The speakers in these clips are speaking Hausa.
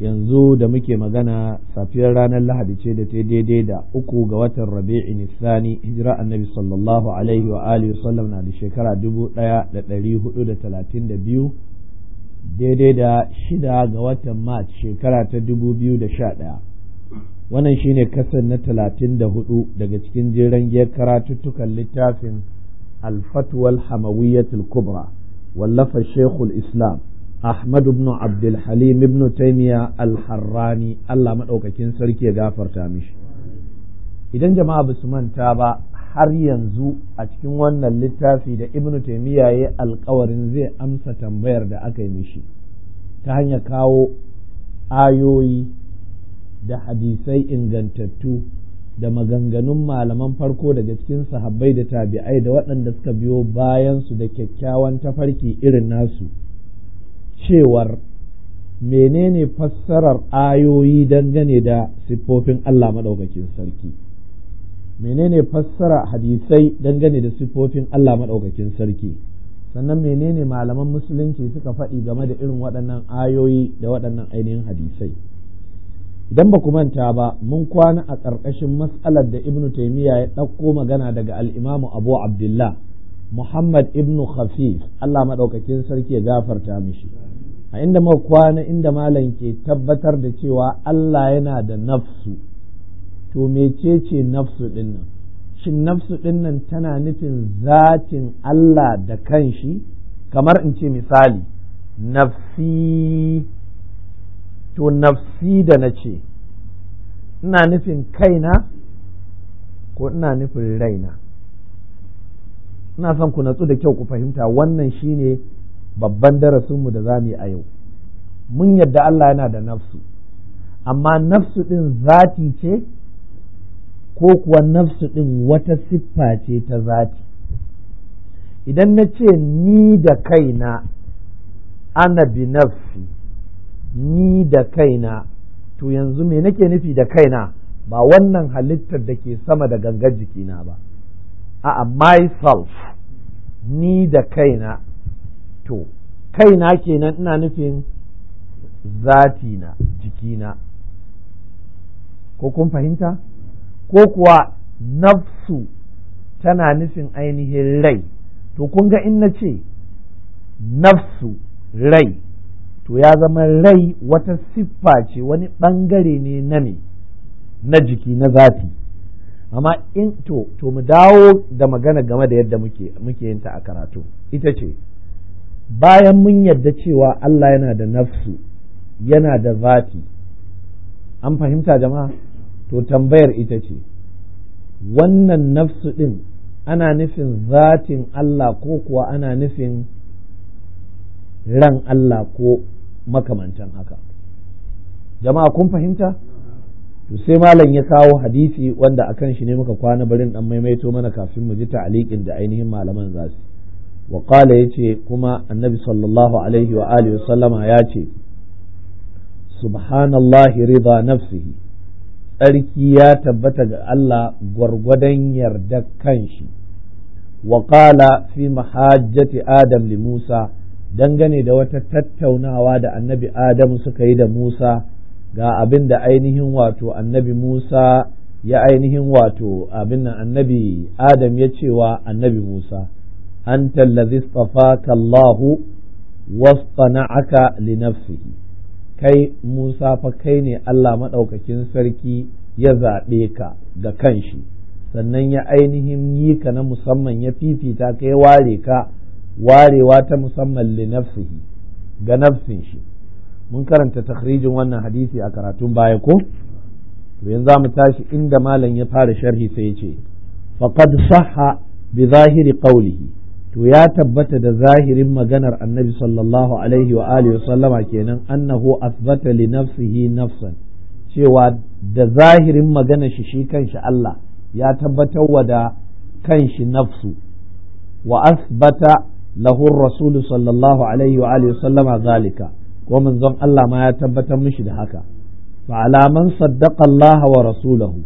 yanzu da muke magana safiyar ranar lahadi ce da ta daidai da uku ga watan rabi'i nisani hijira annabi sallallahu alaihi wa alihi sallam na da shekara dubu daya da dari hudu da talatin da biyu daidai da shida ga watan march shekara ta dubu biyu da sha daya wannan shine kasar na talatin da hudu daga cikin jeren giyar karatuttukan littafin alfatwal hamawiyyatul kubra wallafa shekul islam Ahmad ibnu Abdul ibnu taimiya Taymiya al Allah madaukakin sarki ya gafarta mishi idan jama'a basu manta ba har yanzu a cikin wannan littafi da ibn Taymiya ya alkawarin zai amsa tambayar da aka yi mishi ta hanyar kawo ayoyi da hadisai ingantattu da maganganun malaman farko daga cikin sahabbai da tabi'ai da waɗanda suka biyo bayansu da kyakkyawan tafarki irin nasu cewar menene fassarar ayoyi dangane da siffofin Allah maɗaukakin sarki menene fassara hadisai dangane da siffofin Allah maɗaukakin sarki sannan menene malaman musulunci suka faɗi game da irin waɗannan ayoyi da waɗannan ainihin hadisai idan ba ku manta ba mun kwana a ƙarƙashin mas'alar da ibnu taimiyya ya ɗauko magana daga al'imamu abu abdullah muhammad ibnu khafif allah maɗaukakin sarki ya gafarta mishi a inda muka kwana inda malam ke tabbatar da cewa Allah yana da nafsu to ce nafsu din nan shin nafsu din nan tana nufin zatin Allah da kanshi kamar in ce misali nafsi to nafsi da na ce ina nufin kaina ko ina nufin raina ina son ku natsu da kyau ku fahimta wannan shine babban darasinmu da za mu yi a yau mun yadda Allah yana da nafsu amma nafsu ɗin zati ce ko kuwa nafsu ɗin wata siffa ce ta zati idan na ce ni da kaina ana bi nafsi ni da kaina to yanzu me nake nufi da kaina ba wannan halittar da ke sama da gangar jikina ba a'a myself ni da kaina to kaina kenan ina nufin zati zatina jikina ko kun fahimta ko kuwa nafsu tana nufin ainihin rai to kun ga in na ce nafsu rai to ya zama rai wata siffa ce wani ɓangare ne na me na jiki na zafi amma in to to mu dawo da magana game da yadda muke muke yin ta a karatu ita ce bayan mun yarda cewa Allah yana da nafsu yana da zati an fahimta jama'a to tambayar ita ce wannan nafsu ɗin ana nufin zatin Allah ko kuwa ana nufin ran Allah ko makamantan haka jama'a kun fahimta to sai malam ya kawo hadisi wanda akan shi ne muka kwana barin dan maimaito mana kafin mu ji ta'aliqin da ainihin malaman zasu wa qala yace kuma annabi sallallahu alaihi wa alihi wa sallama yace subhanallahi rida nafsihi tsarki ya tabbata ga Allah gwargwadon yarda kanshi wa qala fi mahajjati adam li Musa dangane da wata tattaunawa da annabi Adamu suka yi da Musa ga abin da ainihin wato annabi Musa ya ainihin wato abin annabi Adam ya cewa annabi Musa أنت الذي اصطفاك الله واصطنعك لنفسه kai Musa fa kai ne Allah maɗaukacin sarki ya zaɓe ka ga shi sannan ya ainihin yi ka na musamman ya fifita ka ya ware ka warewa ta musamman li nafsihi ga nafsin shi mun karanta takhrijin wannan hadisi a karatun baya ko to yanzu mu tashi inda malam ya fara sharhi sai ya ce faqad sahha bi zahiri qawlihi to ya tabbata da zahirin maganar annabi sallallahu alaihi wa alihi sallama kenan annahu asbata li nafsihi nafsan cewa da zahirin maganar shi shi kanshi Allah ya tabbatar wa da kanshi nafsu wa asbata lahu rasul sallallahu alaihi wa alihi sallama zalika ko manzon Allah ma ya tabbatar mishi da haka fa alaman saddaqa Allah wa rasulahu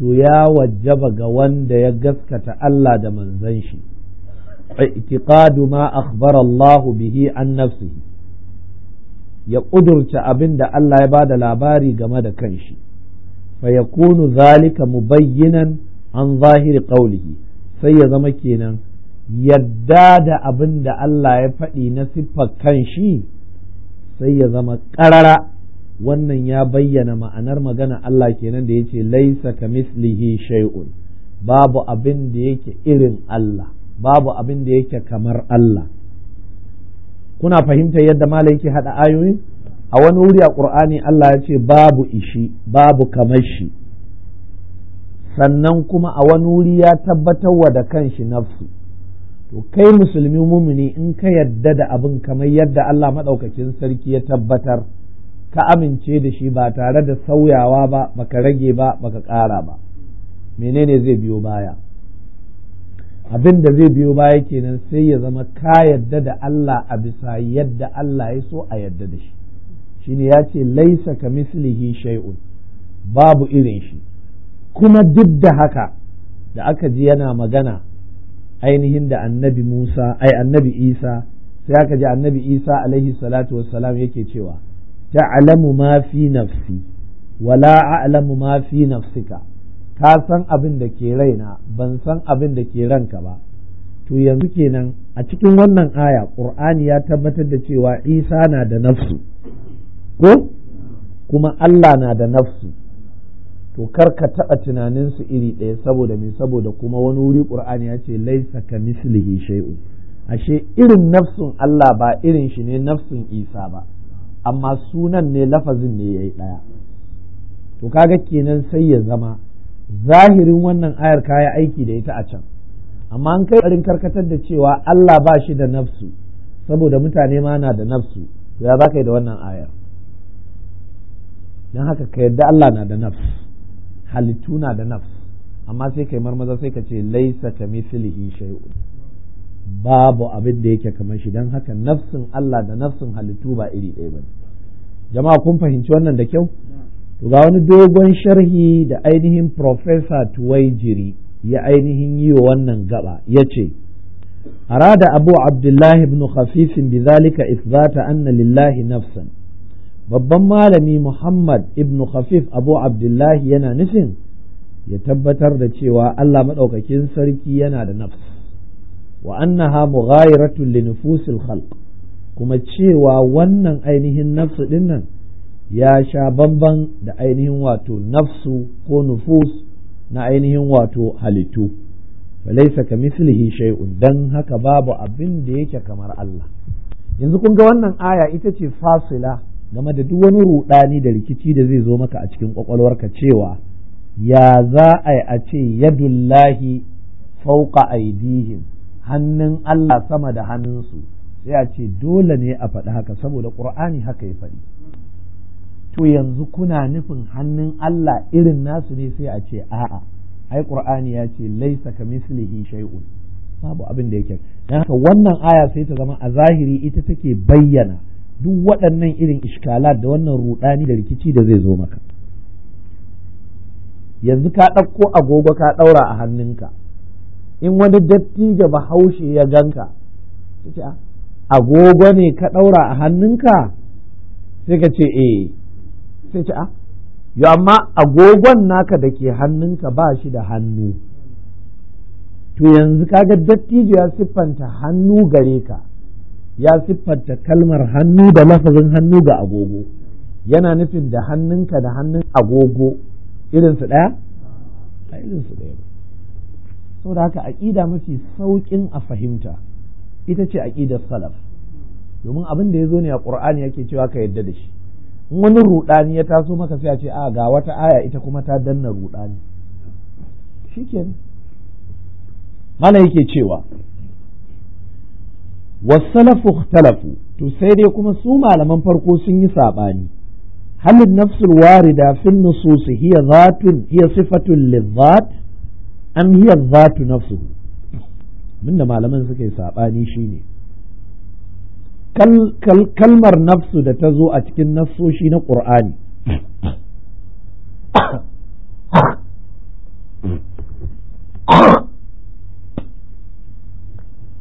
to ya wajaba ga wanda ya gaskata Allah da manzon shi i'tiqadu ma akhbara bihi an nafsihi ya ƙudurta abin da Allah ya ba da labari game da kanshi fa ya kunu zalika mubayyinan an zahiri ƙaulihi sai ya zama kenan yadda da abin da Allah ya faɗi na siffa kanshi sai ya zama ƙarara wannan ya bayyana ma'anar magana Allah kenan da ya ce laisa ka mislihi babu abin da yake irin Allah babu abin da yake kamar Allah kuna fahimtar yadda malam yake hada ayoyin a wani wuri a ƙur'ani Allah ya ce babu ishi babu kamar shi sannan kuma a wani wuri ya tabbatar wa da kanshi nafsu to kai musulmi mumini in ka yadda da abin kamar yadda Allah maɗaukakin sarki ya tabbatar ka amince da shi ba tare da sauyawa ba baka rage ba baka ƙara ba menene zai biyo baya abin da zai biyo baya kenan sai ya zama ka yadda da Allah a bisa yadda Allah ya so a yadda da shi shine ya ce laisa ka mislihi shay'un babu irin shi kuma duk da haka da aka ji yana magana ainihin da annabi Musa ai annabi Isa sai aka ji annabi Isa alaihi salatu wassalam yake cewa ta'lamu ma fi nafsi wala a'lamu ma fi nafsika ka san abin da ke raina ban san abin da ke ranka ba to yanzu kenan a cikin wannan aya ƙur'ani ya tabbatar da cewa isa na da nafsu ko kuma allah na da nafsu to kar ka taɓa su iri ɗaya saboda me saboda kuma wani wuri ƙur'ani ya ce laisa ka mislihi shay'u ashe irin nafsun allah ba irin shi ne nafsun isa ba amma sunan ne lafazin ne yayi ɗaya to kaga kenan sai ya zama zahirin wannan ayar kaya aiki da ita a can amma an kai ƙarin karkatar da cewa Allah ba shi da nafsu saboda mutane ma na da nafsu to ya za da wannan ayar dan haka ka yarda Allah na da nafsu halittu na da nafsu amma sai kai marmaza sai ka ce laisa ka mithlihi shay'un babu abin da yake kamar shi dan haka nafsin Allah da nafsin halittu ba iri ɗaya bane jama'a kun fahimci wannan da kyau to ga wani dogon sharhi da ainihin profesa tuwaijiri ya ainihin yi wa wannan gaba ya ce arada أبو عبد الله بن خفيف بذلك إثبات lillahi nafsan babban malami Muhammad ibn Khafif Abu Abdullahi yana nufin ya tabbatar da cewa Allah maɗaukakin sarki yana da nafs wa annaha mughayiratun li nufusil khalq kuma cewa wannan ainihin nafsu dinnan ya sha bamban da ainihin wato nafsu ko nufus na ainihin wato halittu falaisa ka mislihi shay'un dan haka babu abin da yake kamar Allah yanzu kun ga wannan aya ita ce fasila game da duk wani rudani da rikici da zai zo maka a cikin kwakwalwarka cewa ya za a yi a ce yadullahi fauka aidihim hannun Allah sama da hannunsu sai a ce dole ne a faɗi haka saboda ƙur'ani haka ya faɗi to yanzu kuna nufin hannun Allah irin nasu ne sai a ce a'a ai qur'ani ya ce laisa ka mislihi shay'un babu abin da yake dan haka wannan aya sai ta zama a zahiri ita take bayyana duk waɗannan irin iskalat da wannan rudani da rikici da zai zo maka yanzu ka ɗauko agogo ka ɗaura a hannunka in wani dattijo bahaushe ya ganka ah, agogo ne ka ɗaura a hannunka sai ka ce eh sai ce a ah, amma agogon naka da ke hannunka ba shi da hannu to yanzu kaga dattijo ya siffanta hannu gare ka ya siffanta kalmar hannu da lafazin hannu ga agogo yana nufin da hannunka da hannun agogo irinsu ɗaya a irinsu ɗaya ba saboda haka aƙida mafi sauƙin a fahimta ita ce aƙidar salaf domin abin da ya zo ne a ƙur'ani yake cewa ka yadda da shi wani ruɗani ya taso maka sai a ce a ah, ga wata aya ita kuma ta danna rudani shikenan mana yake cewa wasalafu talafu to sai dai kuma su malaman farko sun yi saɓani halin nafsul warida fin nususi hiya zatun hiya sifatun lizzat an hiya zatu nafsuhu minda malaman suka yi saɓani shine kalmar nafsu da ta zo a cikin nassoshi na ƙur'ani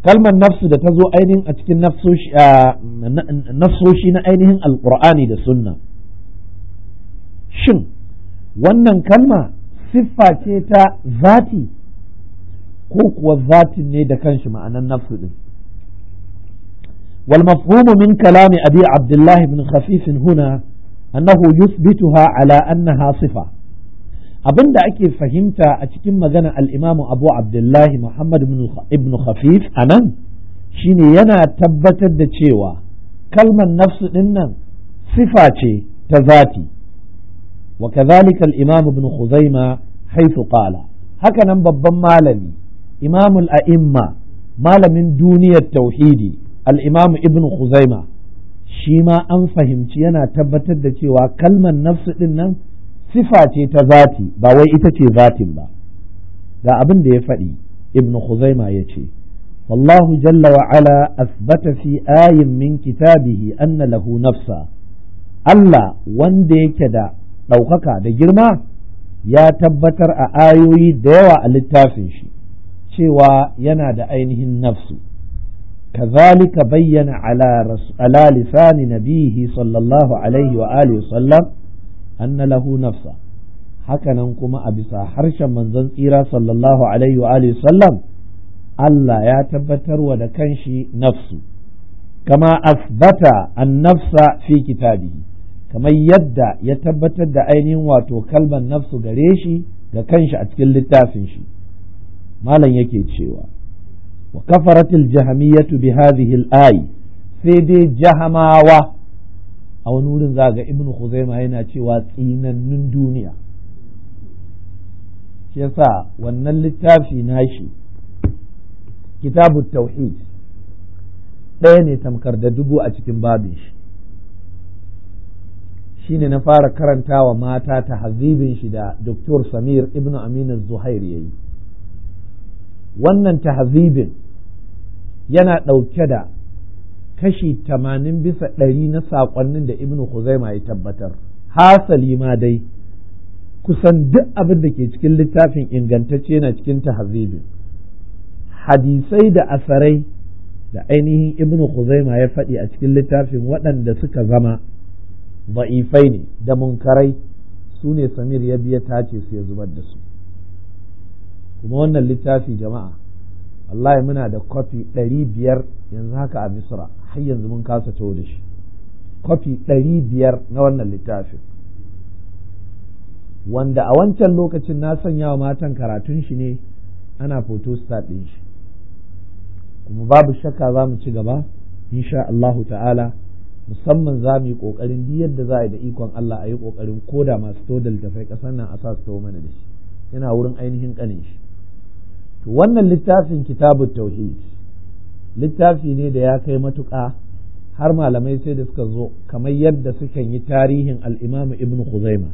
kalmar nafsu da ta zo ainihin a cikin nassoshi na ainihin alƙur'ani da sunna shin wannan kalma siffa ce ta zati ko kuwa zatin ne da kanshi ma'anan nafsu din والمفهوم من كلام أبي عبد الله بن خفيف هنا أنه يثبتها على أنها صفة abin da ake fahimta a cikin magana al'imamu abu abdullahi muhammad ibn khafif a nan shine yana tabbatar da cewa kalmar nafsu ɗin nan sifa ce ta zati wa kazalika al'imam ibn khuzaima haisu qala hakanan babban malami imamul a'imma malamin duniyar tauhidi al'imamu ibn Khuzaima shi ma an fahimci yana tabbatar da cewa kalmar nafsu ɗin nan sifa ce ta zati ba wai ita ce zatin ba ga abin da ya faɗi ibn Khuzaima ya ce والله جل asbata fi ayin min kitabihi كتابه lahu nafsa. allah wanda yake da ɗaukaka da girma ya tabbatar a ayoyi da yawa a littafin shi cewa yana da ainihin nafsu كذلك بين على على لسان نبيه صلى الله عليه وآله وسلم أن له نفسا hakanan kuma a bisa harshen manzon tsira sallallahu alaihi wa alihi sallam Allah ya tabbatar wa da kanshi nafsu kama asbata an nafsa fi kitabihi kamar yadda ya tabbatar da ainihin wato kalmar nafsu gare shi ga kanshi a cikin littafin shi malam yake cewa wa kafaratil jahamiyatu bi hadhihi al-ay sai dai jahamawa a wani wurin za ibnu khuzaima yana cewa tsinannun duniya shi wannan littafi nashi kitabu tauhid ɗaya ne tamkar da dubu a cikin babin shi shine na fara karantawa mata ta hazibin shi da Dr. Samir ibnu Aminu Zuhair yayi Wannan tahzibin yana ɗauke da kashi tamanin bisa ɗari na saƙonnin da ibnu Khuzaima ya tabbatar hasali ma dai kusan duk abin da ke cikin littafin ingantacce yana cikin tahzibin hadisai da asarai da ainihin ibnu Khuzaima ya faɗi a cikin littafin waɗanda suka zama ba'ifai ne da munkarai su ne samir ya biya tace su ya zubar da su kuma wannan littafi jama'a wallahi muna da kwafi ɗari biyar yanzu haka a misra har yanzu mun kasa to da shi kwafi ɗari biyar na wannan littafin wanda a wancan lokacin na sanya wa matan karatun shi ne ana photostat ɗin shi kuma babu shakka za mu ci gaba insha Allahu ta'ala musamman za mu yi ƙoƙarin duk yadda za a yi da ikon Allah a yi ƙoƙarin koda masu todal da littafai ƙasar nan a sa su mana da shi yana wurin ainihin ƙanin shi wannan littafin kitabun tauhid littafi ne da ya kai matuƙa har malamai sai da suka zo kamar yadda suka yi tarihin al'imamu ibn Khuzaima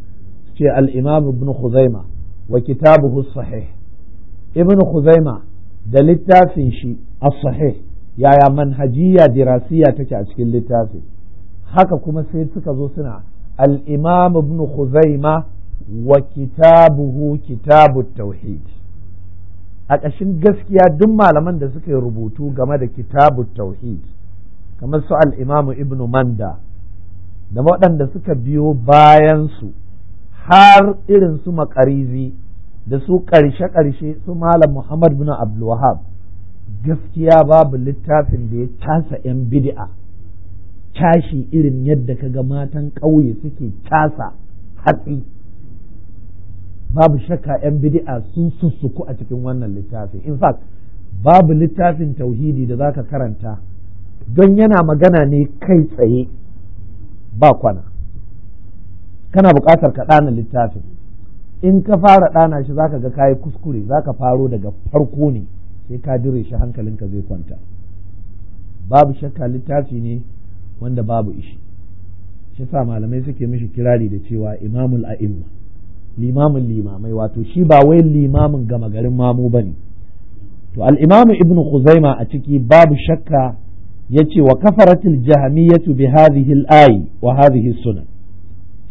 ce al'imamu ibn Khuzaima wa kitabuhu sahih ibn Khuzaima da littafin shi as-sahih yaya manhajiya dirasiya take a cikin littafin haka kuma sai suka zo suna al'imamu ibn Khuzaima wa kitabuhu kitabu tauhid a ƙashin gaskiya duk malaman da suka yi rubutu game da kitabu tauhid kamar su al'imamu ibnu manda da waɗanda suka biyo bayansu har irin su maƙarizi da su ƙarshe-ƙarshe su malam muhammad bin abdulwahab gaskiya babu littafin da ya casa 'yan bid'a cashi irin yadda kaga matan ƙauye suke casa hatsi babu shakka yan bidi'a sun sussuku a cikin wannan littafin in fact babu littafin tauhidi da zaka karanta don yana magana ne kai tsaye ba kwana kana buƙatar ka ɗana littafin in ka fara ɗana shi za ka ga kayi kuskure zaka faro daga farko ne sai ka dire shi hankalinka zai kwanta babu shakka littafi ne wanda babu ishi shi sa malamai suke mishi kirari da cewa imamul a'imma limamin limamai wato shi ba wai limamin gama garin mamu ne to al-imamu ibnu khuzaima a ciki babu shakka yace wa kafaratul jahmiyatu bi hadhihi al-ayi wa hadhihi sunan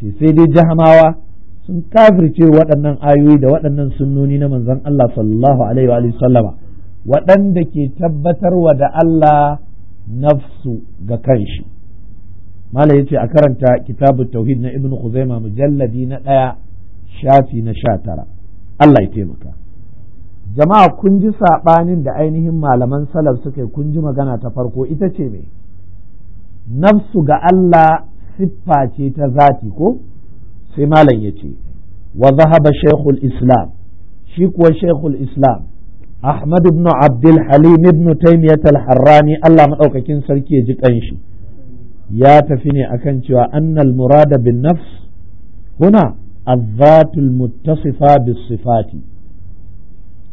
ce sai dai jahamawa sun kafirce waɗannan ayoyi da waɗannan sunnoni na manzon Allah sallallahu alaihi wa sallama waɗanda ke tabbatarwa da Allah nafsu ga kanshi malam yace a karanta kitabu tauhid na ibnu khuzaima mujalladi na ɗaya shafi na sha tara Allah ya taimaka jama'a kun ji saɓanin da ainihin malaman salaf suka kun ji magana ta farko ita ce mai nafsu ga Allah siffa ce ta zati ko sai malam ya ce wa zahaba shaykhul islam shi kuwa shaykhul islam ahmad ibn abdul halim ibn taymiyyah al-harrani Allah madaukakin sarki ya ji kanshi ya tafi ne akan cewa annal murada bin nafs huna azzatul muttasifa bis sifati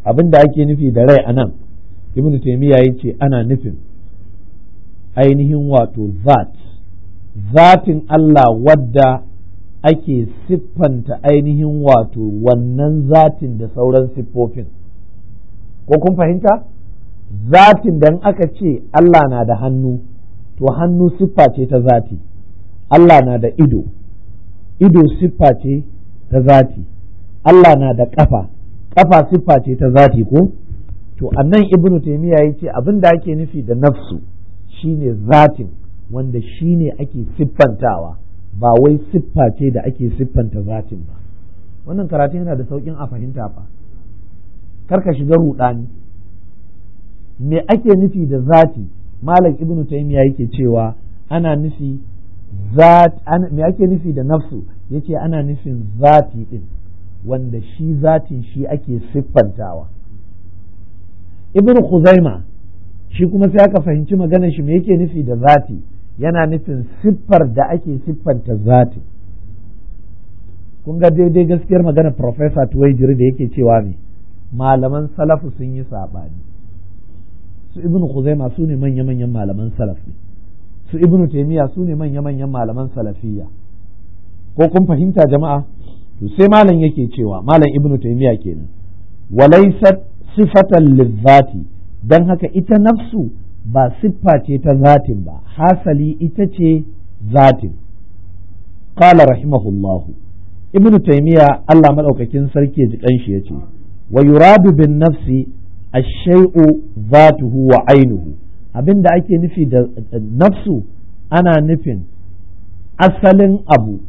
abinda ake nufi da rai anan ibnu taymiya yace ana nufin ainihin wato zat zatin Allah wadda ake siffanta ainihin wato wannan zatin da sauran siffofin ko kun fahimta zatin da aka ce Allah na da hannu to hannu siffa ce ta zati Allah na da ido ido siffa ce ta zati Allah na da kafa ƙafa siffa ce ta zati ko to annan ibnu taymiya ce abin da ake nufi da nafsu shine zatin wanda shine ake siffantawa ba wai siffa ce da ake siffanta zatin ba wannan karatu yana da saukin a fahimta fa karka shiga ruɗani me ake nufi da zati malam ibnu taymiya yake cewa ana nufi zat me ake nufi da nafsu yace ana nufin zati din wanda shi zatin shi ake siffantawa ibn khuzaima shi kuma sai aka fahimci magana shi me yake nufi da zati yana nufin siffar da ake siffanta zati kun ga daidai gaskiyar magana professor tuwaijiri da yake cewa ne malaman salafu sun yi saɓani su ibn khuzaima su ne manya-manyan malaman salafi su ibn taimiyya su ne manya-manyan malaman salafiyya ko kun fahimta jama'a to sai malam yake cewa malam ibnu taymiya kenan walaysat sifatan lizzati dan haka ita nafsu ba siffa ce ta zatin ba hasali ita ce zatin qala rahimahullahu ibnu taymiya Allah madaukakin sarki ya ji kanshi yace wa yuradu bin nafsi ash-shay'u zatuhu wa ainuhu abinda ake nufi da eh, nafsu ana nufin asalin abu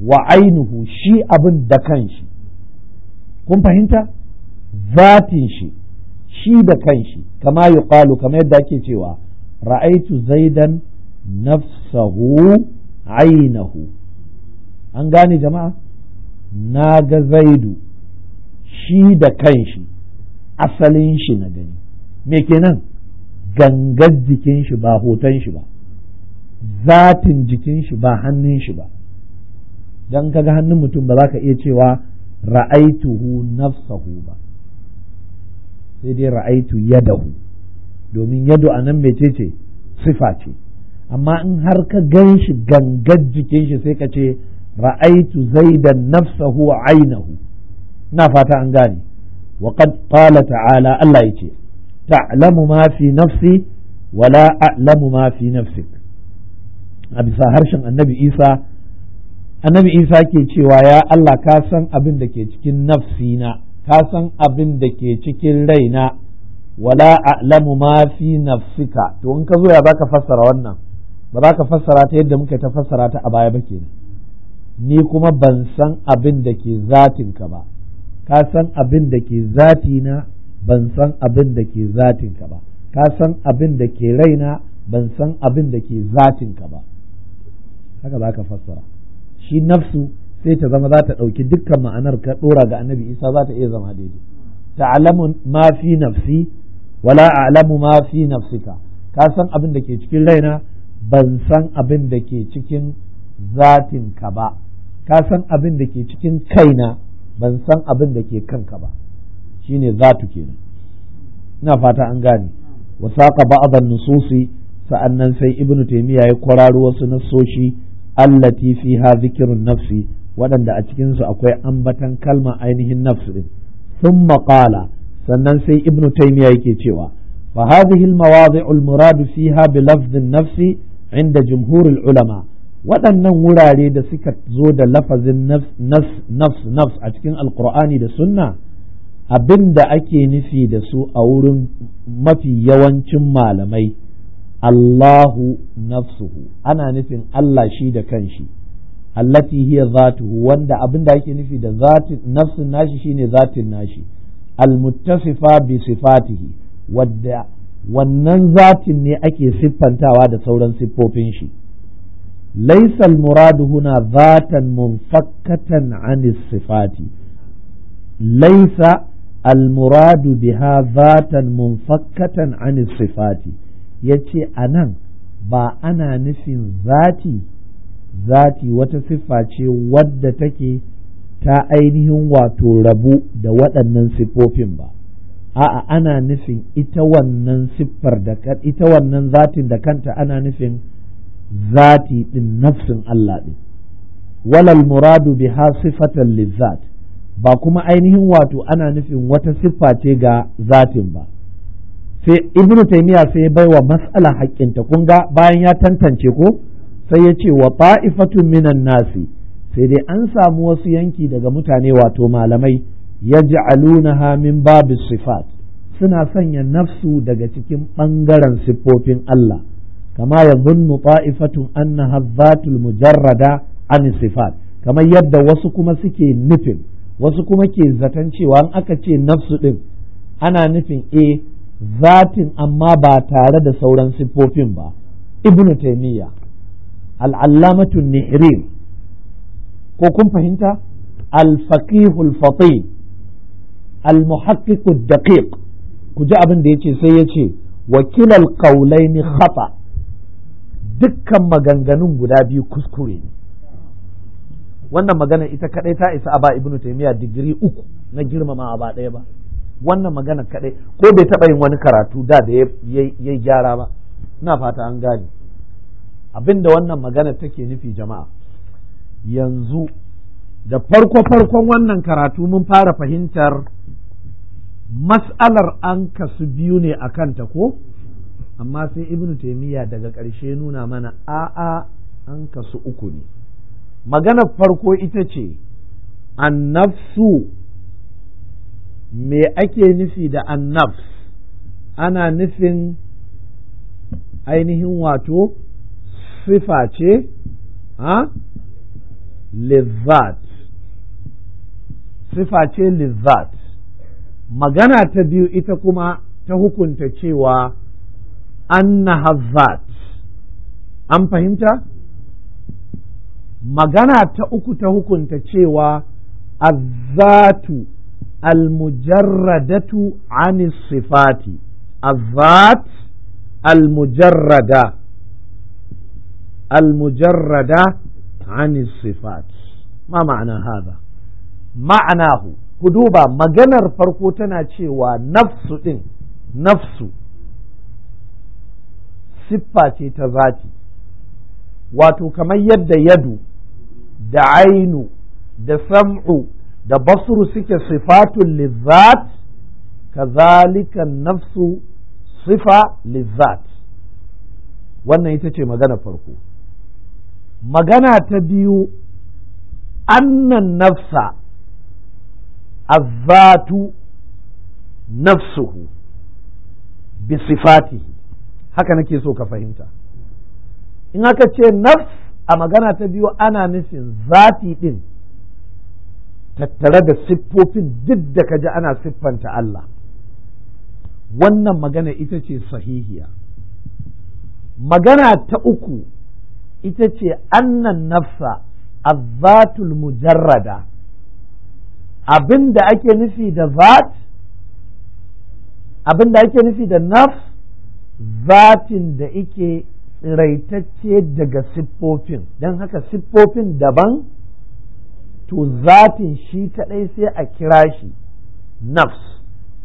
wa ainihu shi abin da kanshi kun fahimta zatin shi shi da kanshi kama yuqalu kama yadda ake cewa ra'aitu zaidan nafsahu ainihu an gane jama'a na ga zaidu shi da kanshi asalin shi na gani me kenan gangar jikin shi ba hoton shi ba zatin jikin shi ba hannun shi ba dan kaga hannun mutum ba za ka iya cewa ra'aituhu nafsahu ba sai dai ra'aitu yadahu domin yado a nan mecece sifa ce amma in har ka gan shi gangar jikin shi sai ka ce ra'aitu zaidan nafsahu wa ainahu na fata an gane wa qad qala ta'ala Allah yace ta'lamu ma fi nafsi wala a'lamu ma fi nafsik a bisa harshen annabi Isa annabi isa ke cewa ya Allah ka san abin da ke cikin nafsina ka san abin da ke cikin raina wala a'lamu ma fi nafsika to in ka zo ya baka fassara wannan ba za ka fassara ta yadda muka ta fassara ta a baya ba kenan ni kuma ban san abin da ke zatinka ba ka san abin da ke zatina ban san abin da ke zatinka ba ka san abin da ke raina ban san abin da ke zatinka ba haka za ka fassara shi nafsu sai ta zama za ta ɗauki dukkan ma'anar ka ɗora ga annabi isa za ta iya zama daidai ta alamu ma fi nafsi wala a'lamu ma fi nafsika ka san abin da ke cikin raina ban san abin da ke cikin zatin ka ba ka san abin da ke cikin kaina ban san abin da ke kanka ba shine zatu kenan ina fata an gane wasaka ba'd nususi sa'annan sai ibnu taymiya ya kwararo wasu nassoshi allati fiha zikrun nafsi waɗanda a cikin su akwai ambatan kalma ainihin nafs din thumma qala sannan sai ibnu taymiya yake cewa fa hadhihi al mawadi'u fiha bi lafz nafsi inda jumhur ulama waɗannan wurare da suka zo da lafazin nafs nafs nafs a cikin alqur'ani da sunna abinda ake nufi da su a wurin mafi yawancin malamai Allahu nafsuhu ana nufin Allah shi da kanshi allati hiya wanda abin da yake nufi da zatin nafsin nashi shine zatin nashi almuttafifa bi sifatihi wadda wannan zatin ne ake siffantawa da sauran siffofin shi laisa almuradu huna zatan munfakkatan an laisa almuradu biha zatan munfakkatan an sifati ya ce a nan ba ana nufin zati zati wata siffa ce wadda take ta ainihin wato rabu da waɗannan siffofin ba a'a ana nufin ita wannan siffar da ita wannan zatin da kanta ana nufin zati din nafsin Allah din walal muradu biha sifatan lizzat ba kuma ainihin wato ana nufin wata siffa ce ga zatin ba sai ibn taymiya sai ya baiwa mas'ala haƙƙinta kun ga bayan ya tantance ko sai ya ce wa ta'ifatun minan nasi sai dai an samu wasu yanki daga mutane wato malamai yaj'alunaha min babu sifat suna sanya nafsu daga cikin ɓangaren siffofin Allah kama ya zunnu ta'ifatun annaha dhatul mujarrada an sifat kamar yadda wasu kuma suke nufin wasu kuma ke zaton cewa an aka ce nafsu ɗin ana nufin eh zatin amma ba tare da sauran siffofin ba ibn taimiyya al'allamatun nihrir ko kun fahimta al-faqihul fatih al-muhaqqiqud daqiq ku ji abin da yace sai yace wakilal qaulaini khata dukkan maganganun guda biyu kuskure wannan magana ita kadai ta isa ba ibnu taymiya digiri uku na girmama ba ɗaya ba wannan magana kaɗai ko bai taɓa yin wani karatu da da ya gyara ba ina fata an gane abinda wannan magana take nufi jama'a yanzu da farko farkon wannan karatu mun fara fahimtar mas'alar an kasu biyu ne a kanta ko amma sai ibn taimiyya daga ƙarshe nuna mana a'a an kasu uku ne maganar farko ita ce An nafsu. me ake nufi da annafs ana nufin ainihin wato sifa ce ha lizat sifa ce magana ta biyu ita kuma ta hukunta cewa annahazzat an fahimta magana ta uku ta hukunta cewa azzatu المجردة عن الصفات الذات المجردة المجردة عن الصفات ما معنى هذا معناه كدوبا مجنر فرقوتنا تشيوى نفس إن نفس siffa ta واتو كما يد yadda yadu da da basru suke sifatun lizzat zalika nafsu sifa lizzat wannan ita ce magana farko magana ta biyu annan nafsa azzatu nafsuhu bi sifatihi haka nake so ka fahimta in aka ce nafs a magana ta biyu ana nufin zati din tattare da siffofin duk da ka ji ana siffanta Allah wannan magana ita ce sahihiya magana ta uku ita ce annan nafsa azzatul mujarrada abin da ake nufi da zat abin da ake nufi da nafs zatin da ike tsiraitacce daga siffofin don haka siffofin daban to zatin shi kadai sai a kira shi nafs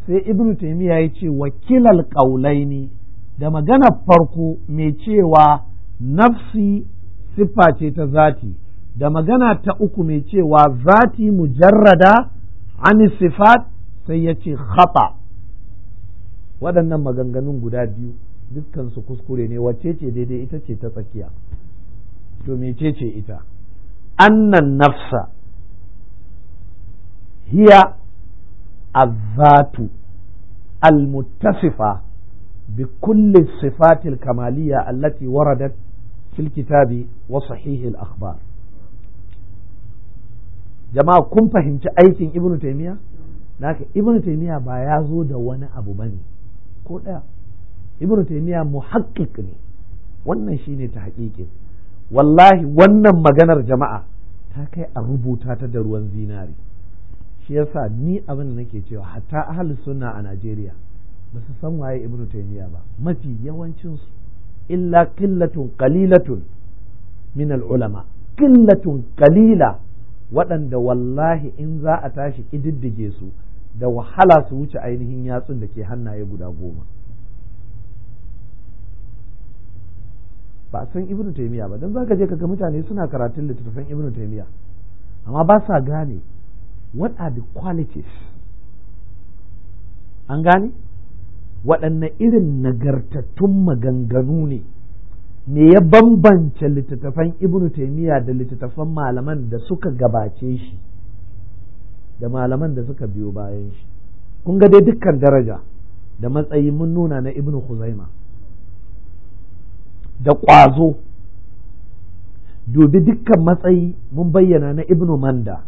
sai ibnu taymiya ya ce wakilal qaulaini da maganar farko mai cewa nafsi siffa ce ta zati da magana ta uku mai cewa zati mujarrada an sifat sai ya ce khata waɗannan maganganun guda biyu dukkansu kuskure ne wacce ce daidai ita ce ta tsakiya to ce ita annan nafsa hiya azatu almuttasifa بكل الصفات الكمالية التي وردت في الكتاب وصحيح الأخبار jama'a kun fahimci aikin ibnu taimiya naka ibnu taimiya ba ya zo da wani abu ba ne ko ɗaya ibnu taimiya muhakkik ne wannan shine ta haƙiƙin wallahi wannan maganar jama'a ta kai an rubuta ta da ruwan zinari shi yasa ni abin da nake cewa hatta ahli sunna a Najeriya ba su san waye ibnu taymiya ba mafi yawancin su illa qillatun qalilatun min al ulama qillatun qalila waɗanda wallahi in za a tashi ƙididdige su da wahala su wuce ainihin yatsun da ke hannaye guda goma ba san ibnu taimiya ba dan zaka je kaga mutane suna karatun littattafan ibnu taimiya amma ba sa gane what are the qualities an gane waɗanne irin nagartattun maganganu ne me ya bambance littattafan ibnu taimiyya da littattafan malaman da suka gabace shi da malaman da suka biyo bayan shi kun ga dai dukkan daraja da matsayi mun nuna na ibnu huzaima da ƙwazo dubi dukkan matsayi mun bayyana na ibnu manda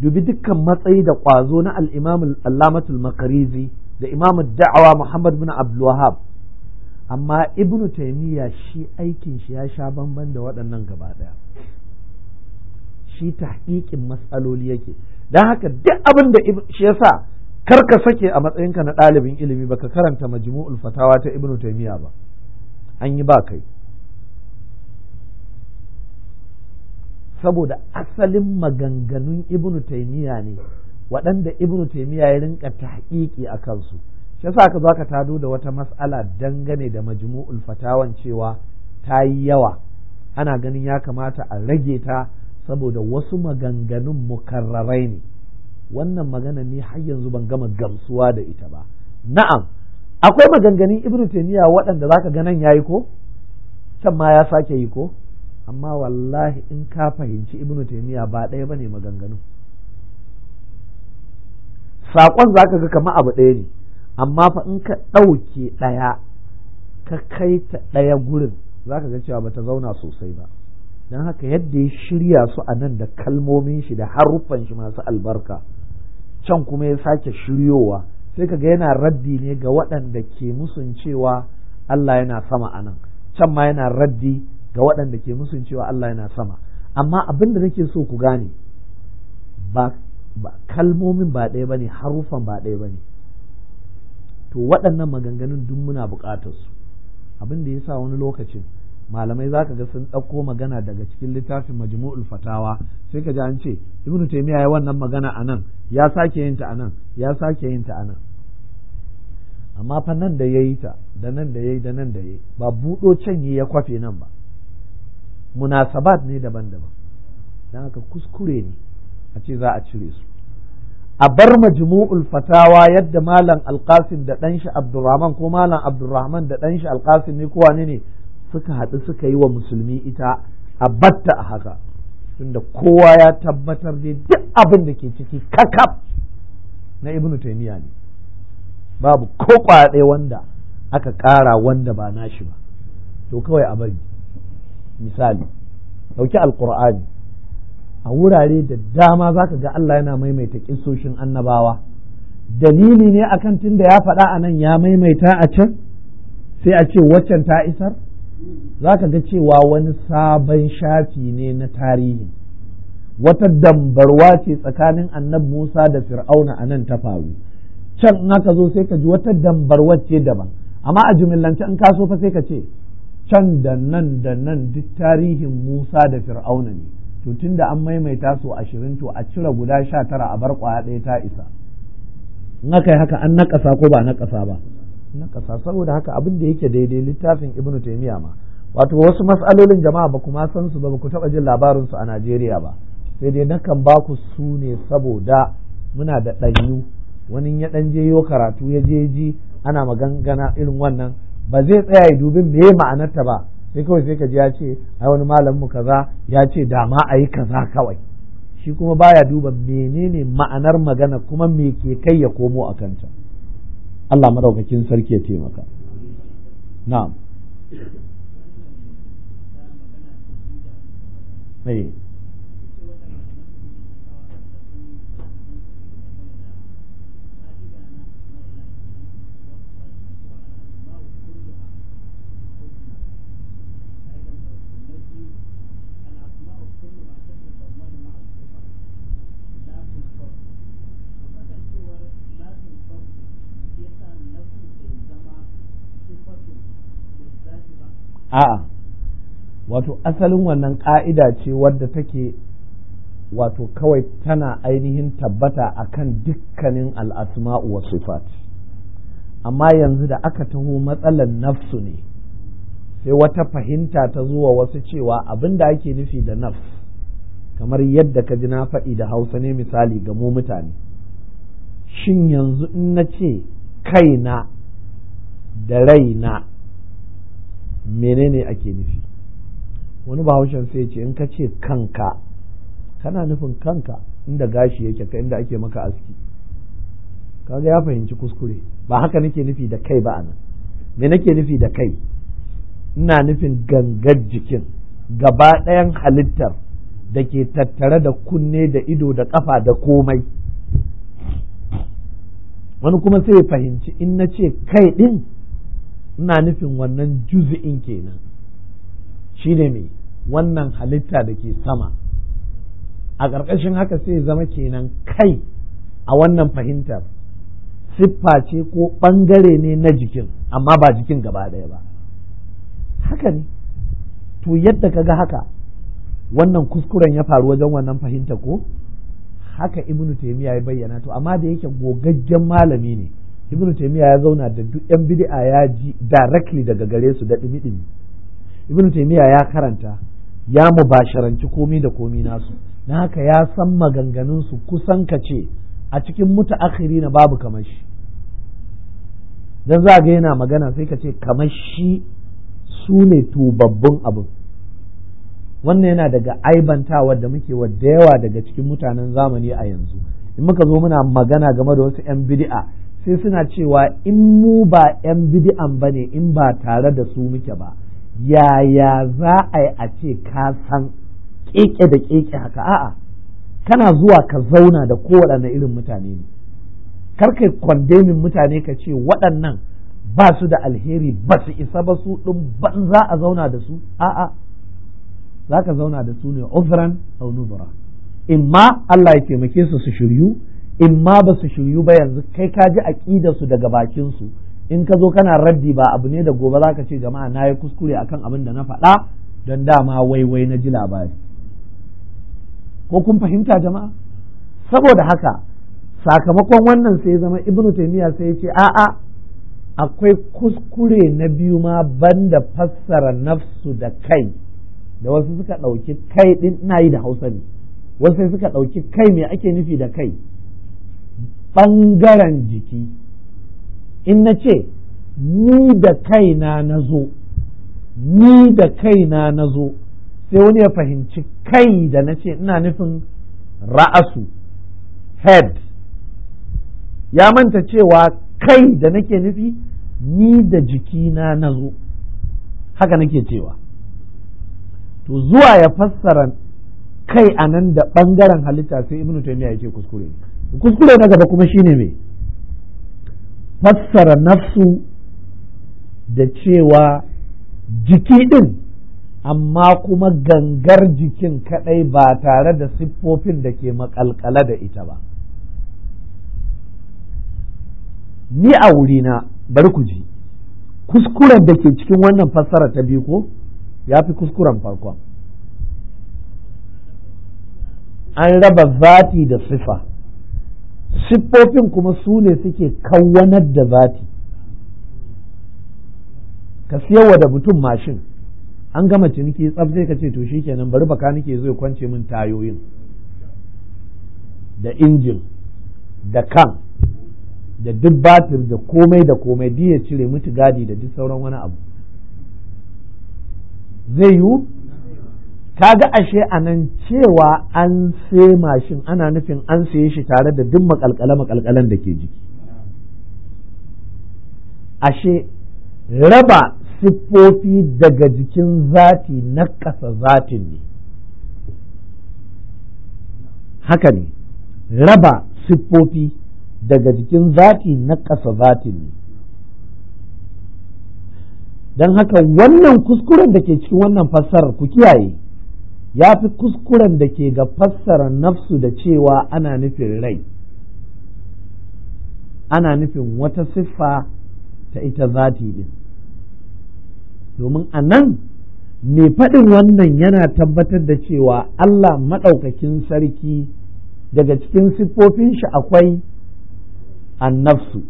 dubi dukkan matsayi da ƙwazo na al'imam allamatul makarizi da imam da'awa muhammad bin abdulwahab amma ibn taimiyya shi aikin shi ya sha bamban da waɗannan gaba ɗaya shi tahqiqin matsaloli yake don haka duk abin da shi ya kar ka sake a matsayinka na ɗalibin ilimi baka karanta majmu'ul fatawa ta ibn taimiyya ba an yi ba kai saboda asalin maganganun ibnu taimiya ne waɗanda ibnu taimiya ya rinka tahqiqi a kansu shi yasa ka zo ka tado da wata mas'ala dangane da majmu'ul fatawan cewa ta yi yawa ana ganin ya kamata a rage ta saboda wasu maganganun mukarrarai ne wannan magana ni har yanzu ban gama gamsuwa da ita ba na'am akwai maganganun ibnu taimiya waɗanda zaka ga nan yayi ko can ma ya sake yi ko amma wallahi in ka fahimci ibnu taymiya ba ɗaya bane maganganu saƙon zaka ga kamar abu ɗaya ne amma fa in ka ɗauke ɗaya ka kai ta ɗaya gurin zaka ga cewa ba ta zauna sosai ba don haka yadda ya shirya su a nan da kalmomin shi da haruffan shi masu albarka can kuma ya sake shiryowa sai ka ga yana raddi ne ga waɗanda ke musun cewa Allah yana sama a nan can ma yana raddi ga waɗanda ke musun cewa Allah yana sama amma abin da nake so ku gane ba kalmomin ba ɗaya bane harufan ba ɗaya bane to waɗannan maganganun duk muna buƙatar su abin da yasa wani lokacin malamai zaka ga sun ɗauko magana daga cikin littafin majmu'ul fatawa sai ka ji an ce ibn taymiya ya wannan magana anan ya sake yin ta anan ya sake yin ta anan amma fa nan da yayi ta da nan da yayi da nan da yayi ba buɗo can ya kwafe nan ba munasabat ne daban-daban don haka kuskure ne a ce za a cire su a bar majmu'ul fatawa yadda malam alkasim da ɗanshi abdurrahman ko malam abdurrahman da ɗanshi alkasim ne ko ne suka haɗu suka yi wa musulmi ita a batta a haka tunda kowa ya tabbatar da duk abin da ke ciki kakaf na ibnu taymiya ne babu ko ɗaya wanda aka ƙara wanda ba nashi ba to kawai a bari misali ɗauki alkur'ani a wurare da dama za ka ga Allah yana maimaita kisoshin annabawa dalili ne akan tunda ya faɗa anan ya maimaita a can sai a ce waccan ta isar za ka ga cewa wani sabon shafi ne na tarihi wata dambarwa ce tsakanin annabi Musa da Fir'auna a nan ta faru can in aka zo sai ka ji wata dambarwa ce daban amma a jumillance in ka so fa sai ka ce can da nan da nan duk tarihin Musa da Fir'auna ne to da an maimaita su ashirin to a cire guda sha tara a bar kwaya ɗaya ta isa in aka yi haka an naƙasa ko ba naƙasa ba naƙasa saboda haka abin da yake daidai littafin Ibn Taymiyyah ma wato wasu matsalolin jama'a ba kuma san su ba ba ku taɓa jin labarin su a Najeriya ba sai dai nakan ba ku su ne saboda muna da ɗanyu wani ya ɗan je yo karatu ya je ji ana magangana irin wannan ba zai tsaya ya dubi me ma'anarta ba sai kawai sai ka ji ya ce ai wani malamin mu kaza ya ce da ma a yi kaza kawai shi kuma baya duba menene ma'anar magana kuma me ke kai ya komo a kanta Allah madaukakin sarki ya taimaka na'am Hey. Eh. a'a wato asalin wannan ƙa'ida ce wadda take wato kawai tana ainihin tabbata akan dukkanin al'asma'u wa sifat amma yanzu da aka taho matsalar nafsu ne sai wata fahimta ta zuwa wasu cewa abin da ake nufi da nafs kamar yadda ka ji na faɗi da hausa ne misali ga mu mutane shin yanzu in na ce kaina da raina menene ake nufi wani bahaushen sai ce in ka ce kanka kana nufin kanka inda gashi yake ka inda ake maka aski kaga ya fahimci kuskure ba haka nake nufi da kai ba anan me nake nufi da kai ina nufin gangar jikin gaba ɗayan halittar da ke tattare da kunne da ido da ƙafa da komai wani kuma sai fahimci in na ce kai ɗin ina nufin wannan juzi'in kenan shi ne mai wannan halitta da ke sama a ƙarƙashin haka sai zama kenan kai a wannan fahimtar siffa ce ko ɓangare ne na jikin amma ba jikin gaba ɗaya ba haka ne to yadda ka ga haka wannan kuskuren ya faru wajen wannan fahimta ko haka ibnu taymiya ya bayyana to amma da yake gogaggen malami ne ibnu taimiya ya zauna da duk yan bid'a ya ji directly daga gare su da dimi dimi ibnu taimiya ya karanta ya mubasharanci komi da komi nasu na haka ya san maganganun su kusan kace a cikin mutaakhiri na babu kamar shi dan za ga yana magana sai kace ce kamar shi su ne tubabbun abin wannan yana daga aibantawa da muke wa da yawa daga cikin mutanen zamani a yanzu in muka zo muna magana game da wasu 'yan bid'a sai suna cewa in mu ba 'yan bidi'an ba ne in ba tare da su muke ba yaya za a yi a ce ka san keke da keke haka a'a kana zuwa ka zauna da kowaɗanne irin mutane ne kar kai kwandemin mutane ka ce waɗannan ba su da alheri ba su isa ba su ɗin ban za a zauna da su a'a za ka zauna da su ne uzran au imma Allah ya taimake su su shiryu in ma ba su shiryu ba yanzu kai ka ji aƙidar su daga bakin su in ka zo kana raddi ba abu ne da gobe za ka ce jama'a na yi kuskure kan abin da na faɗa don dama waiwai na ji labari ko kun fahimta jama'a saboda haka sakamakon wannan sai zama ibnu taimiyya sai ya ce a'a akwai kuskure na biyu ma banda fassara nafsu da kai da wasu suka ɗauki kai ɗin ina yi da hausa ne wasu suka ɗauki kai me ake nufi da kai ɓangaren jiki in na ce ni da kaina na zo ni da kaina na zo sai wani ya fahimci kai da na ce ina nufin ra'asu head ya manta cewa kai da nake nufi ni da jikina na zo haka nake cewa to zuwa ya fassara kai a nan da ɓangaren halitta sai ibnu taymiya yake kuskure kuskure na gaba kuma shine mai fassara nafsu da cewa jiki din amma kuma gangar jikin kadai ba tare da siffofin da ke makalkala da ita ba ni a wurina bari ku ji kuskuren da ke cikin wannan fassara ta biyu ko ya fi kuskuren farkon an raba zati da sifa siffofin kuma su ne suke kawwanar da zati ka siyarwa da mutum mashin an gama ciniki tsabtai ka ce to shikenan bari baka nake zai kwance min tayoyin da injin da kan da duk batir da komai da komai duk ya cire mutu gadi da duk sauran wani abu zai yiwu ga ashe a nan cewa an sai mashin ana nufin an saye shi tare da duk makalkala makalkalan da ke jiki ashe raba siffofi daga jikin zati na ƙasa zatin ne haka ne raba siffofi daga jikin zati na ƙasa zatin ne don haka wannan kuskuren da ke cikin wannan fassarar ku kiyaye ya fi kuskuren da ke ga fassara nafsu da cewa ana nufin rai ana nufin wata siffa ta ita zati din domin a nan mai faɗin wannan yana tabbatar da cewa Allah maɗaukakin sarki daga cikin siffofin shi akwai annafsu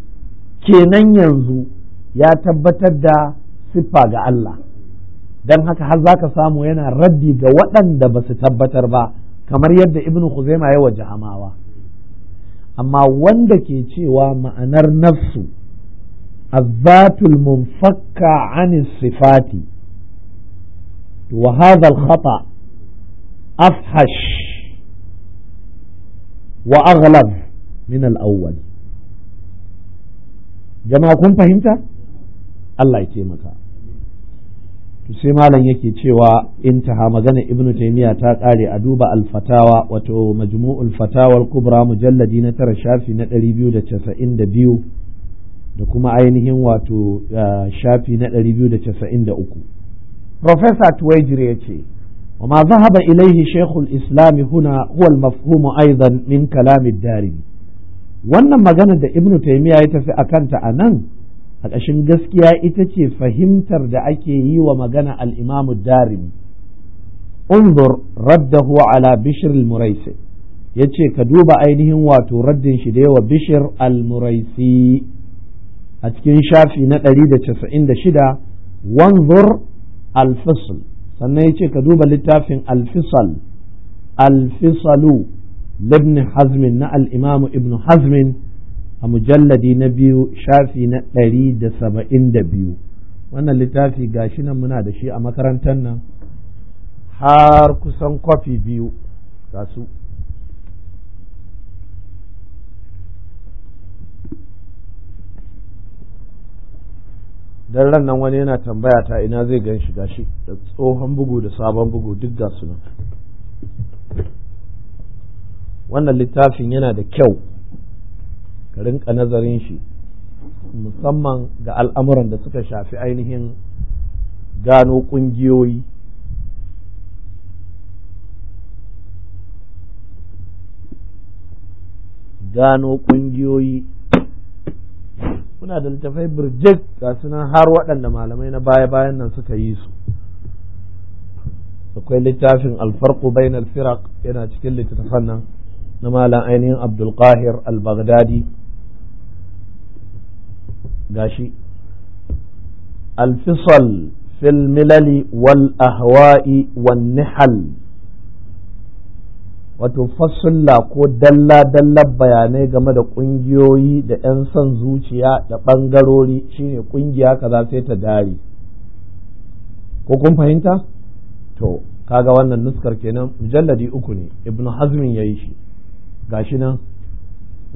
kenan yanzu ya tabbatar da siffa ga Allah don haka har za ka samu yana raddi ga waɗanda ba su tabbatar ba kamar yadda ibn Khuzaima ya waje hamawa amma wanda ke cewa ma'anar nafsu azzatul munfakka an sifati wa hadha al-khata afhash wa aghlab min al-awwal jama'a kun fahimta Allah ya taimaka to sai malam yake cewa intaha magana ibnu taymiya ta kare a duba alfatawa wato majmu'ul fatawa kubra mujalladi na tara shafi na 292 da kuma ainihin wato shafi na 293 professor ya ce وما ذهب إليه شيخ الإسلام هنا هو المفهوم أيضا من كلام الدارمي wannan magana da ibnu taymiya ya tafi a kanta a ƙashin gaskiya ita ce fahimtar da ake yi wa magana al'imamu darimi unzur raddahu ala bishir al-muraisi ya ce ka duba ainihin wato raddin shi da yawa bishir al-muraisi a cikin shafi na 196 wanzur al-fisl sannan ya ce ka duba littafin al-fisal al-fisalu libni hazmin na al-imamu ibn hazmin a mujalladi na biyu shafi na ɗari da saba'in da biyu wannan littafi ga shi nan muna da shi a makarantar nan har kusan kwafi biyu ga su Don nan wani yana tambaya ta ina zai gan shi gashi da tsohon bugu da sabon bugu duk ga su nan wannan littafin yana da kyau ka rinka nazarin shi musamman ga al'amuran da suka shafi ainihin gano ƙungiyoyi gano ƙungiyoyi muna da littafai birjik ga sunan har waɗanda malamai na baya-bayan nan suka yi su akwai littafin alfarko bainal firak yana cikin littattafan nan na malam ainihin abdulkahir al-baghdadi gashi alfisal fil milali wal ahwa'i wan nihal wato fasulla ko dalla-dalla bayanai game da ƙungiyoyi da 'yan son zuciya da ɓangarori shine ƙungiya kaza sai ta dari ko kun fahimta to kaga wannan nuskar kenan mujalladi uku ne ibnu hazmin ya yi shi gashi nan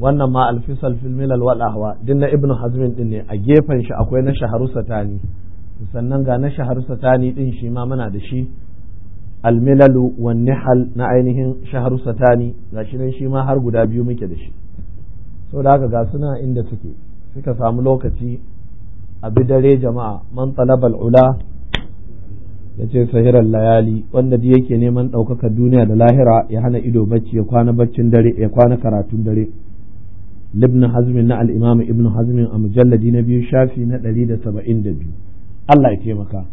wannan ma alfisal fil milal wal ahwa din na ibnu hazmin din ne a gefen shi akwai na shaharu satani sannan ga na shaharu satani din shi ma muna da shi al milalu wan nihal na ainihin shaharu satani ga shi nan shi ma har guda biyu muke da shi da haka ga suna inda suke suka samu lokaci a dare jama'a man talabal ula ya ce sahirar layali wanda da yake neman ɗaukaka duniya da lahira ya hana ido bacci ya kwana baccin dare ya kwana karatun dare libna hazmin na al'imam ibnu hazmin a mujalladi na biyu shafi na ɗari da saba'in da biyu Allah ya taimaka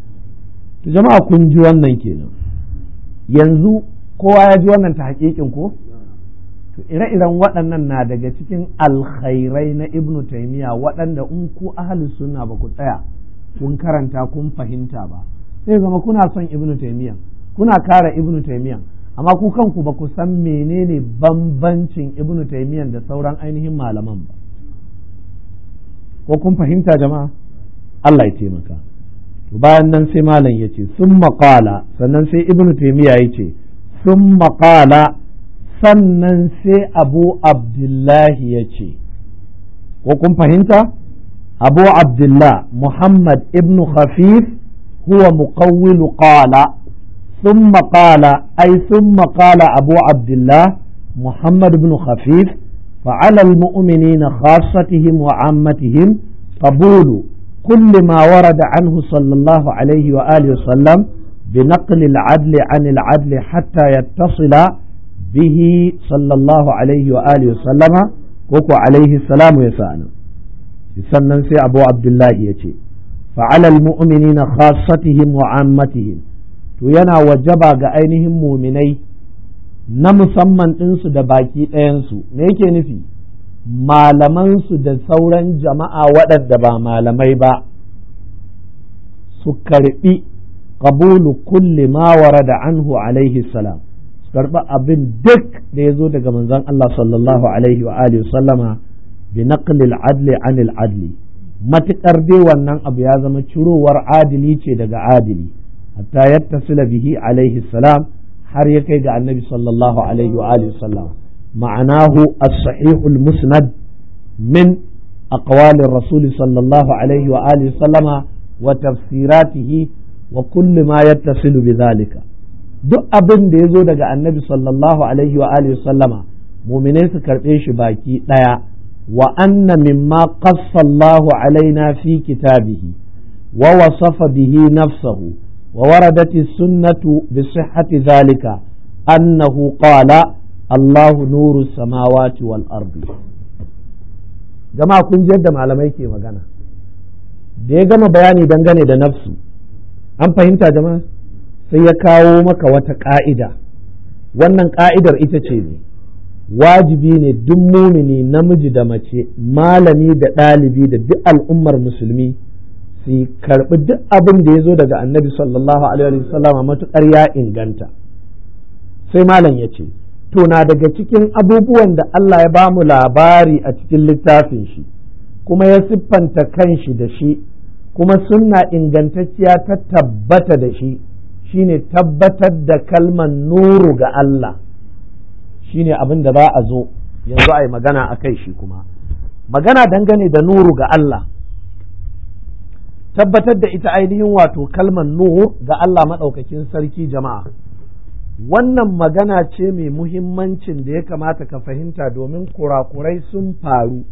to jama'a kun ji wannan kenan yanzu kowa ya ji wannan ta hakikin ko to ire-iren waɗannan na daga cikin alkhairai na ibnu taimiya waɗanda in ku ahalin suna ba ku tsaya kun karanta kun fahimta ba sai zama kuna son ibnu taimiya kuna kara ibnu taimiyan. amma ku kanku ba ku san menene bambancin ibnu taimiyan da sauran ainihin malaman ba ko kun fahimta jama'a Allah ya taimaka bayan nan sai malam ya ce sun maƙala sannan sai ibnu taimiya ya ce sun maƙala sannan sai abu abdullahi ya ce ko kun fahimta abu abdullahi muhammad ibnu khafif huwa muqawwilu qala ثم قال أي ثم قال أبو عبد الله محمد بن خفيف فعلى المؤمنين خاصتهم وعامتهم قبول كل ما ورد عنه صلى الله عليه وآله وسلم بنقل العدل عن العدل حتى يتصل به صلى الله عليه وآله وسلم وكو عليه السلام يسأل يسنن سي أبو عبد الله يتي فعلى المؤمنين خاصتهم وعامتهم to yana wajaba ga ainihin muminai na musamman ɗinsu da baki ɗayansu me yake nufi malamansu da sauran jama'a waɗanda ba malamai ba su karɓi ƙabulu kulli ma da anhu alaihi salam su karɓi abin duk da ya zo daga manzon Allah sallallahu alaihi wa alihi sallama bi naqlil adli anil adli matuƙar dai wannan abu ya zama cirowar adili ce daga adili hatta yadda yattasila bihi alaihi salam har ya kai ga annabi sallallahu alaihi wa alihi sallam ma'anahu as-sahihul musnad min أقوال الرسول wa الله عليه وآله وسلم وتفسيراته وكل ما يتصل بذلك duk abin da ya zo daga annabi sallallahu alaihi wa alihi sallama mumine su karɓe shi baki ɗaya wa anna mimma qassallahu alaina fi kitabihi wa wasafa bihi nafsahu ووردت السنة بصحة ذلك أنه قال الله نور السماوات والأرض جماعة كن جد malamai ke magana. da ya gama bayani dangane da nafsu an fahimta jama'a sai ya kawo maka wata ƙa'ida wannan ƙa'idar ita ce ne wajibi ne duk mumini namiji da mace malami da ɗalibi da duk al'ummar musulmi su karɓi duk abin da ya zo daga annabi sallallahu alaihi matuƙar ya inganta sai malam ya ce to na daga cikin abubuwan da Allah ya bamu labari a cikin littafin shi kuma ya siffanta kanshi da shi kuma sunna ingantacciya ta tabbata da shi shine tabbatar da kalman nuru ga Allah shine abin da za a zo yanzu a yi magana a kai shi kuma magana dangane da nuru ga Allah tabbatar da ita ainihin wato kalmar nur ga Allah maɗaukakin sarki jama'a wannan magana ce mai muhimmancin da ya kamata ka fahimta domin kurakurai sun faru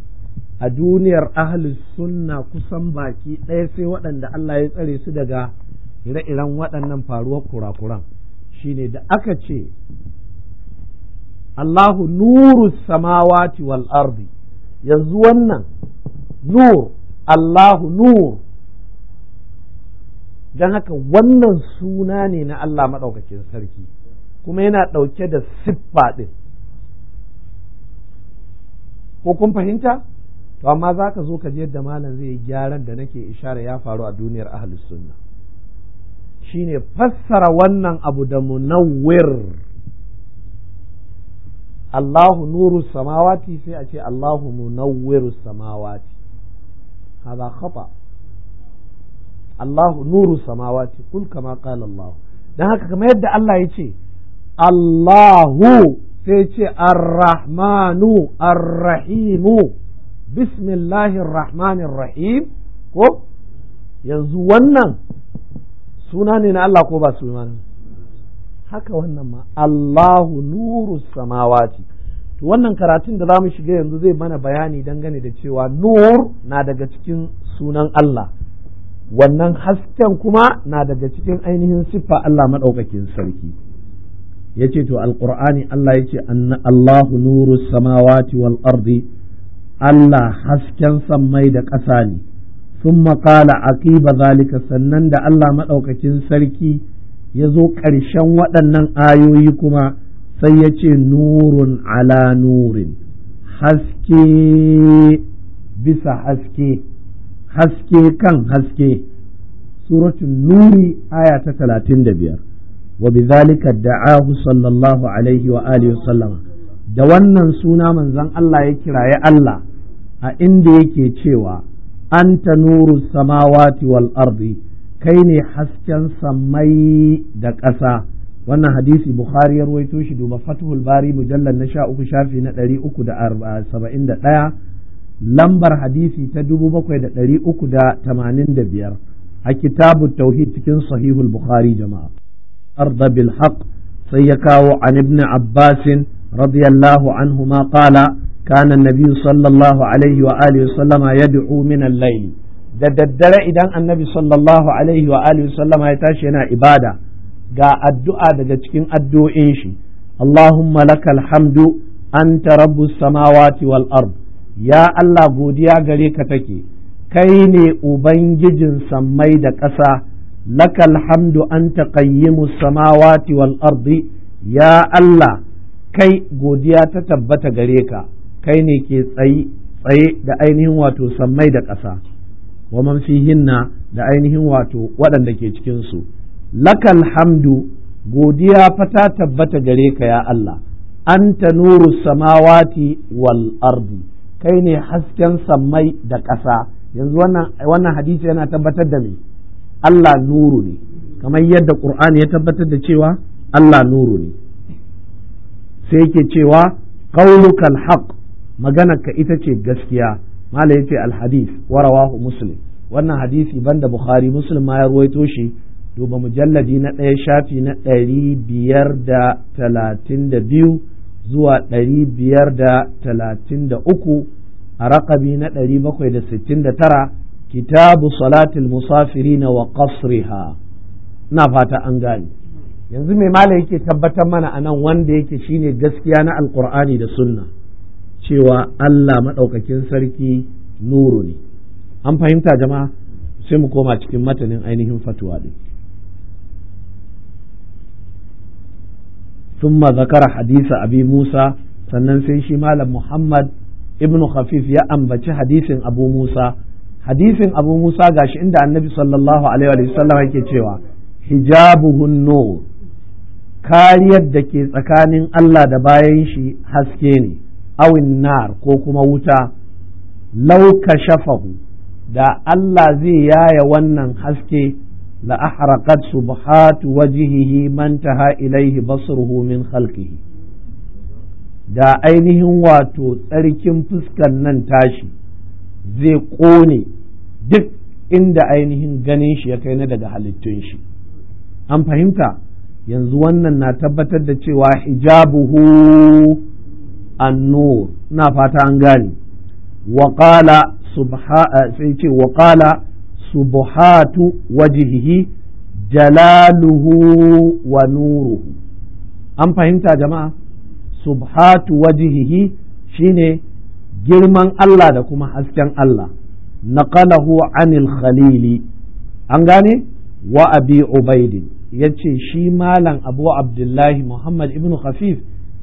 a duniyar ahlus sunna kusan baki ɗaya sai waɗanda Allah ya tsare su daga ire-iren waɗannan faruwar kurakuran shine da aka ce Allahu nuru samawati wal ardi yanzu wannan nur Allahu nur don haka wannan suna ne na Allah maɗaukakin sarki kuma yana ɗauke da siffa ɗin ko kun fahimta to amma za ka zo ka je yadda malam zai yi gyaran da nake ishara ya faru a duniyar ahlus sunna shine fassara wannan abu da munawwir Allahu nuru samawati sai a ce Allahu munawwiru samawati hada khata' Allahu nuru samawati kul kama qala Allah dan haka kamar yadda Allah ya ce Allahu sai ce Ar-Rahmanu Ar-Rahimu Bismillahir Rahmanir Rahim ko yanzu wannan suna ne na Allah ko ba suna ne haka wannan ma Allahu nuru samawati to wannan karatun da zamu mu shiga yanzu zai mana bayani dangane da cewa nur na daga cikin sunan Allah wannan hasken kuma na daga cikin ainihin siffa Allah maɗaukakin sarki ya ce to alƙur'ani Allah ya ce Allahu nuru samawati wal ardi Allah hasken sammai da ƙasa ne sun maƙala aqiba zalika sannan da Allah maɗaukakin sarki ya zo ƙarshen waɗannan ayoyi kuma sai ya ce nurun ala nurin haske bisa haske haske kan haske suratul nuri aya ta talatin da biyar wa bidhalika da'ahu sallallahu alaihi wa alihi da wannan suna manzon Allah ya kiraye Allah a inda yake cewa anta nuru samawati wal ardi kai ne hasken samai da ƙasa wannan hadisi bukhari ya ruwaito shi duba fathul bari mujallal na sha uku shafi na ɗari uku da saba'in da lambar hadisi ta dubu bakwai da ɗari uku da tamanin da biyar a kitabu tauhid cikin sahihul bukhari jama'a arda bil haq sai ya kawo an ibn abbasin radiyallahu anhu ma qala kana nabiyyu sallallahu alaihi wa alihi sallama yad'u min al-layl da daddare idan annabi sallallahu alaihi wa alihi sallama ya tashi yana ibada ga addu'a daga cikin addu'o'in shi allahumma lakal hamdu anta rabbus samawati wal ard ya Allah godiya gare ka take kai ne ubangijin sammai da ƙasa lakal hamdu an anta qayyimus samawati wal ardi ya Allah kai godiya ta tabbata gare ka kai ne ke tsaye tsaye da ainihin wato sammai da ƙasa wa mamfihinna da ainihin wato waɗanda ke cikinsu lakal hamdu godiya fa ta tabbata gare ka ya Allah an ta nuru samawati wal ardi kai ne hasken sammai da ƙasa yanzu wannan hadisi yana tabbatar da me Allah nuru ne kamar yadda Qur'ani ya tabbatar da cewa Allah nuru ne sai yake cewa qaulukal haƙ magana ka ita ce gaskiya malai ya ce alhadis wa muslim wannan hadisi banda bukhari muslim ma ya ruwaito shi duba mujalladi na ɗaya shafi na ɗari biyar da talatin da biyu zuwa ɗari biyar da talatin da uku a raƙabi na ɗari bakwai da sittin da tara kitabu salatul musafiri na wa qasriha ina fata an gane yanzu mai malam yake tabbatar mana a nan wanda yake shine gaskiya na alkur'ani da sunna cewa Allah maɗaukakin sarki nuru ne an fahimta jama'a sai mu koma cikin matanin ainihin fatuwa ɗin thumma zakara hadisa abi musa sannan sai shi malam muhammad ibnu khafif ya ambaci hadisin abu musa hadisin abu musa gashi inda annabi sallallahu alaihi wa sallam yake cewa hijabuhun nur kariyar da ke tsakanin Allah da bayan shi haske ne awin nar ko kuma wuta lauka shafahu da Allah zai yaya wannan haske لأحرقت سبحات وجهه mantaha ilaihi إليه بصره من خلقه da ainihin wato tsarkin fuskan nan tashi zai ƙone duk inda ainihin ganin shi ya kai na daga halittun shi an fahimta yanzu wannan na tabbatar da cewa hijabuhu annur na fata an gane waƙala eh, sai ce waƙala subuhatu wajihihi jalaluhu wa nuruhu an fahimta jama'a subhatu wajihihi shine girman Allah da kuma hasken Allah naqalahu anil an gane wa abi ubaidin ya ce shi malam abu abdullahi muhammad ibnu khafif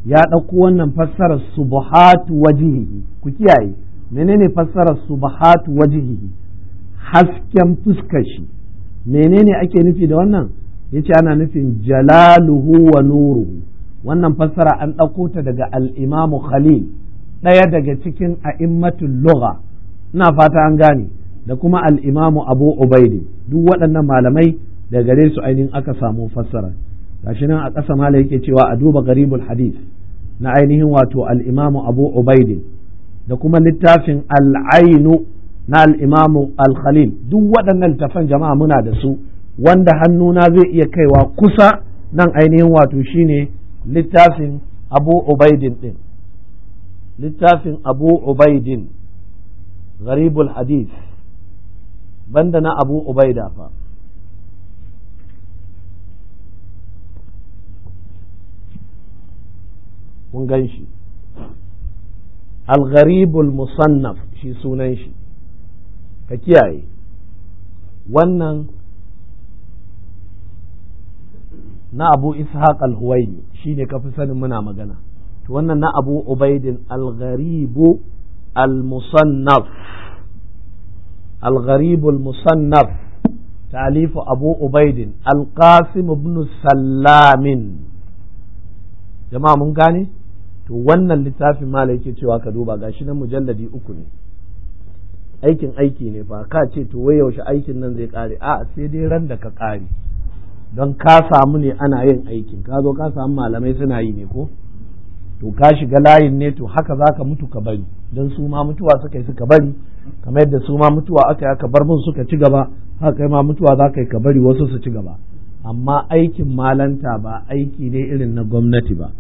ya ɗauko wannan fassarar subhatu wajihihi ku kiyaye menene fassarar subhatu wajihihi hasken fuskar shi menene ake nufi da wannan yace ana nufin jalaluhu wa nuruhu wannan fassara an ɗauko ta daga al'imamu khalil ɗaya daga cikin a'immatul lugha ina fata an gane da kuma al'imamu abu ubaidi duk waɗannan malamai da gare su ainihin aka samu fassara gashi nan a ƙasa mala yake cewa a duba garibul hadis na ainihin wato al'imamu abu ubaidi da kuma littafin al'ainu. na al'imamu al-khalil duk waɗannan littafan jama'a muna da su wanda hannuna zai iya kaiwa kusa nan ainihin wato shine littafin abu ubaidin ɗin littafin abu ubaidin gharibul hadith banda na abu ubaida fa kun gan shi al-gharibul musannaf shi sunan shi ka kiyaye wannan na abu ishaq al-huwaini shine kafi sanin muna magana to wannan na abu ubaidin al-gharibu al-musannaf al-gharibu al-musannaf ta'alifu abu ubaidin al-qasim ibn sallamin jama'a mun gane to wannan littafin malai yake cewa ka duba gashi nan mujalladi uku ne aikin aiki ne fa ka ce to wai yaushe aikin nan zai kare a sai dai ran da ka kare don ka samu ne ana yin aikin ka zo ka samu malamai suna yi ne ko to ka shiga layin ne to haka za ka mutu ka bari don su ma mutuwa suka yi suka bari kamar yadda su ma mutuwa aka yi aka bar mun suka ci gaba haka kai ma mutuwa za ka yi ka bari wasu su ci gaba amma aikin malanta ba aiki ne irin na gwamnati ba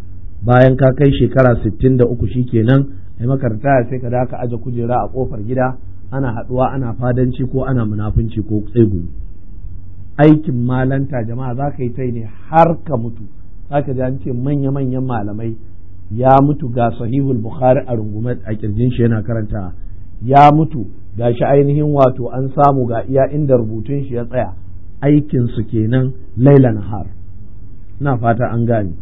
bayan ka kai shekara sittin da uku 63 shikenan ai makaranta sai ka da ka aje kujera a kofar gida ana haɗuwa ana fadanci ko ana munafunci ko tsegumi aikin malanta jama'a za ka yi ta ne har ka mutu za ka ji an ce manya-manyan malamai ya mutu ga sahihul bukhari a rungume a kirjin shi yana karanta ya mutu ga shi ainihin wato an samu ga iya inda rubutun shi ya tsaya aikin su kenan laila har ina fata an gane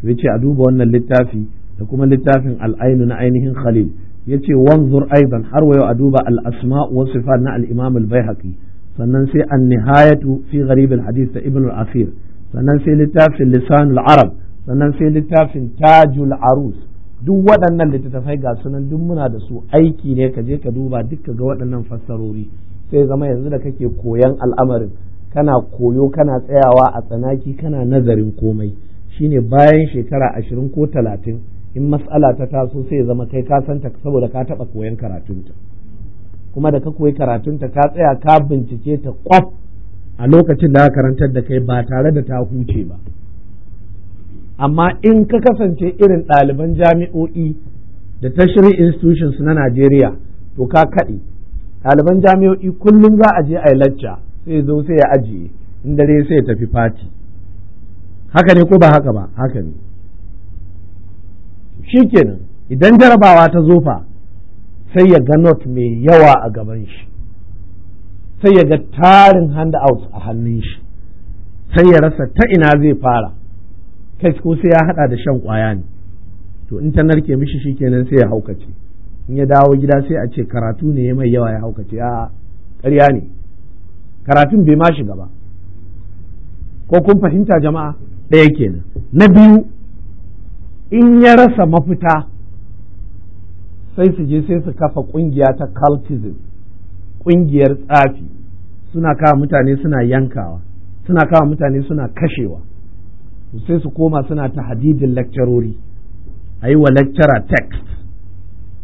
to yace a duba wannan littafi da kuma littafin al'ainu na ainihin khalil yace wanzur aidan har wayo a duba al-asma wa sifat na al-imam al-baihaqi sannan sai an-nihayatu fi gharib al-hadith ta ibn al-asir sannan sai littafin lisan al-arab sannan sai littafin tajul arus duk waɗannan littattafai ga sunan duk muna da su aiki ne ka je ka duba duk ga waɗannan fassarori sai zama yanzu da kake koyan al'amarin kana koyo kana tsayawa a tsanaki kana nazarin komai shine bayan shekara ashirin ko talatin in matsala ta taso sai zama kai ka santa saboda ka taɓa koyan karatunta kuma da ka koyi karatunta ka tsaya ka bincike ta kwaf a lokacin da karantar da kai ba tare da ta huce ba amma in ka kasance irin ɗaliban jami'o'i da shirin institutions na Najeriya to ka kaɗe ɗaliban jami'o'i kullum za a je a yi lacca sai zo sai ya ajiye in dare sai ya tafi fati haka ne ko ba haka ba haka ne shikenan idan jarabawa ta zofa sai ya ga not mai yawa a gaban shi sai ya ga tarin hand out a hannun shi sai ya rasa ta ina zai fara kai ko sai ya hada da shan kwaya ne to in ta narke mishi kenan sai ya haukace in ya dawo gida sai a ce karatu ne ya mai yawa ya haukace a ƙarya ne karatun bai ma shiga ba ko kun fahimta jama'a ɗaya kenan na biyu in ya rasa mafita sai su je sai su kafa ƙungiya ta cultism ƙungiyar tsafi suna kawo mutane suna yankawa suna kawo mutane suna kashewa sai su koma suna ta hadidin lakcarori a yi wa lakcara text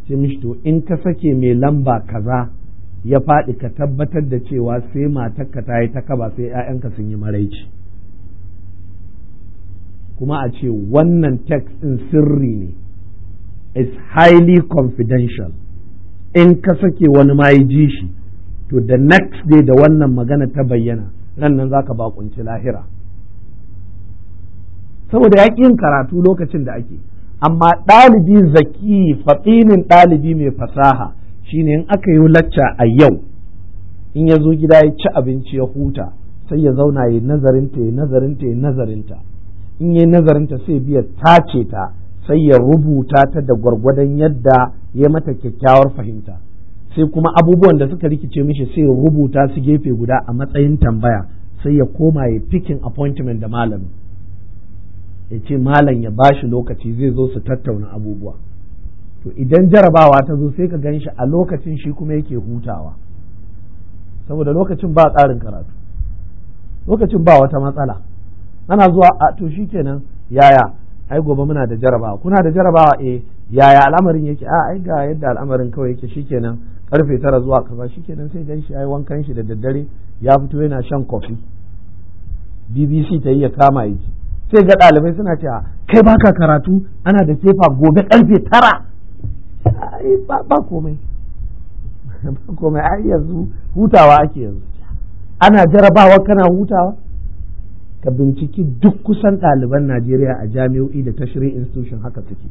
ce to in ka sake mai lamba kaza ya faɗi ka tabbatar da cewa sai matarka ta yi ta kaba sai 'ya'yanka sun yi maraici kuma a ce wannan text in sirri ne is highly confidential in ka sake wani ma ji shi to the next day da wannan magana ta bayyana nan nan za ka bakunci lahira saboda ya yin karatu lokacin da ake amma ɗalibi zaki faɗinin ɗalibi mai fasaha shine in aka yi lacca a yau in ya zo gida ya ci abinci ya huta sai ya zauna ya yi nazarinta ya nazarinta ya nazarinta in yi nazarinta sai biya ta ce ta sai ya rubuta ta da gwargwadon yadda ya mata kyakkyawar fahimta sai kuma abubuwan da suka rikice mishi sai ya rubuta su gefe guda a matsayin tambaya sai ya koma ya fikin appointment da malamin ya ce malam ya ba shi lokaci zai zo su tattauna abubuwa to idan jarabawa ta zo sai ka gan shi a lokacin shi kuma yake hutawa saboda lokacin ba tsarin karatu lokacin ba wata matsala ana zuwa a to shikenan yaya ai gobe muna da jarabawa kuna da jarabawa eh yaya al'amarin yake a ai ga yadda al'amarin kawai yake kenan karfe tara zuwa kaza shikenan sai gan shi ai wankan shi da daddare ya fito yana shan kofi BBC ta yi ya kama yake sai ga ɗalibai suna cewa kai baka karatu ana da kefa gobe karfe tara ba komai ba komai ai yanzu hutawa ake yanzu ana jarabawa kana hutawa ka binciki duk kusan ɗaliban Najeriya a jami'o'i da tashri institution haka suke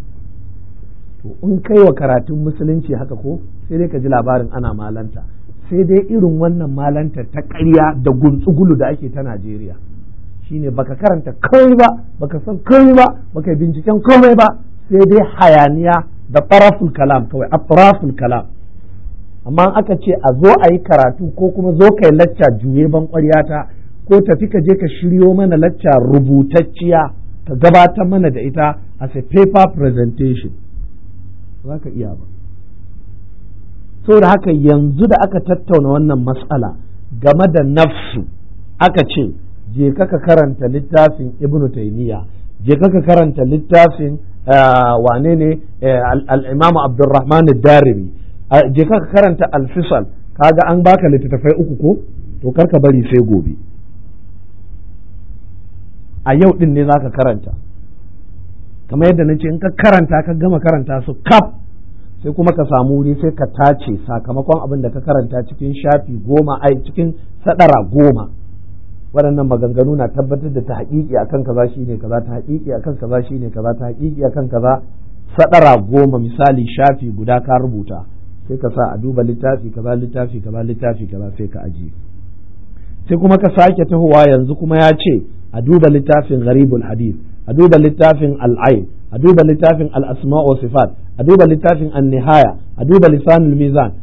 to in kai wa karatun musulunci haka ko sai dai ka ji labarin ana malanta sai dai irin wannan malanta ta ƙarya da guntsugulu da ake ta Najeriya shine baka karanta kawai ba baka san kawai ba baka binciken komai ba sai dai hayaniya da faraful kalam kawai atraful kalam amma aka ce a zo a yi karatu ko kuma zo kai lacca juye ban ƙwarya ta ko tafi ka je ka shiryo mana lacca rubutacciya ta gabatar mana da ita as a paper presentation za ka iya ba saboda haka yanzu da aka tattauna wannan matsala game da nafsu aka ce je ka karanta littafin Ibn taymiya je ka karanta littafin ah, wane ne eh, al'imamu abdurrahman darimi ah, je ka karanta al Ka kaga an baka littattafai uku ko to karka bari sai gobe a yau din ne ka karanta kamar yadda na ce in ka karanta ka gama karanta su kaf sai kuma ka samu wuri sai ka tace sakamakon abin da ka karanta cikin shafi goma ai cikin sadara goma waɗannan maganganu na tabbatar da ta haƙiƙi akan kaza ne kaza ta haƙiƙi akan kaza ne kaza ta haƙiƙi akan kaza sadara goma misali shafi guda ka rubuta sai ka sa a duba littafi kaza littafi kaza littafi kaza sai ka ajiye sai kuma ka sake tahowa yanzu kuma ya ce a duba littafin gharibul hadith a duba littafin al'ain a duba littafin al'asma wa sifat a duba littafin an a duba lisanul mizan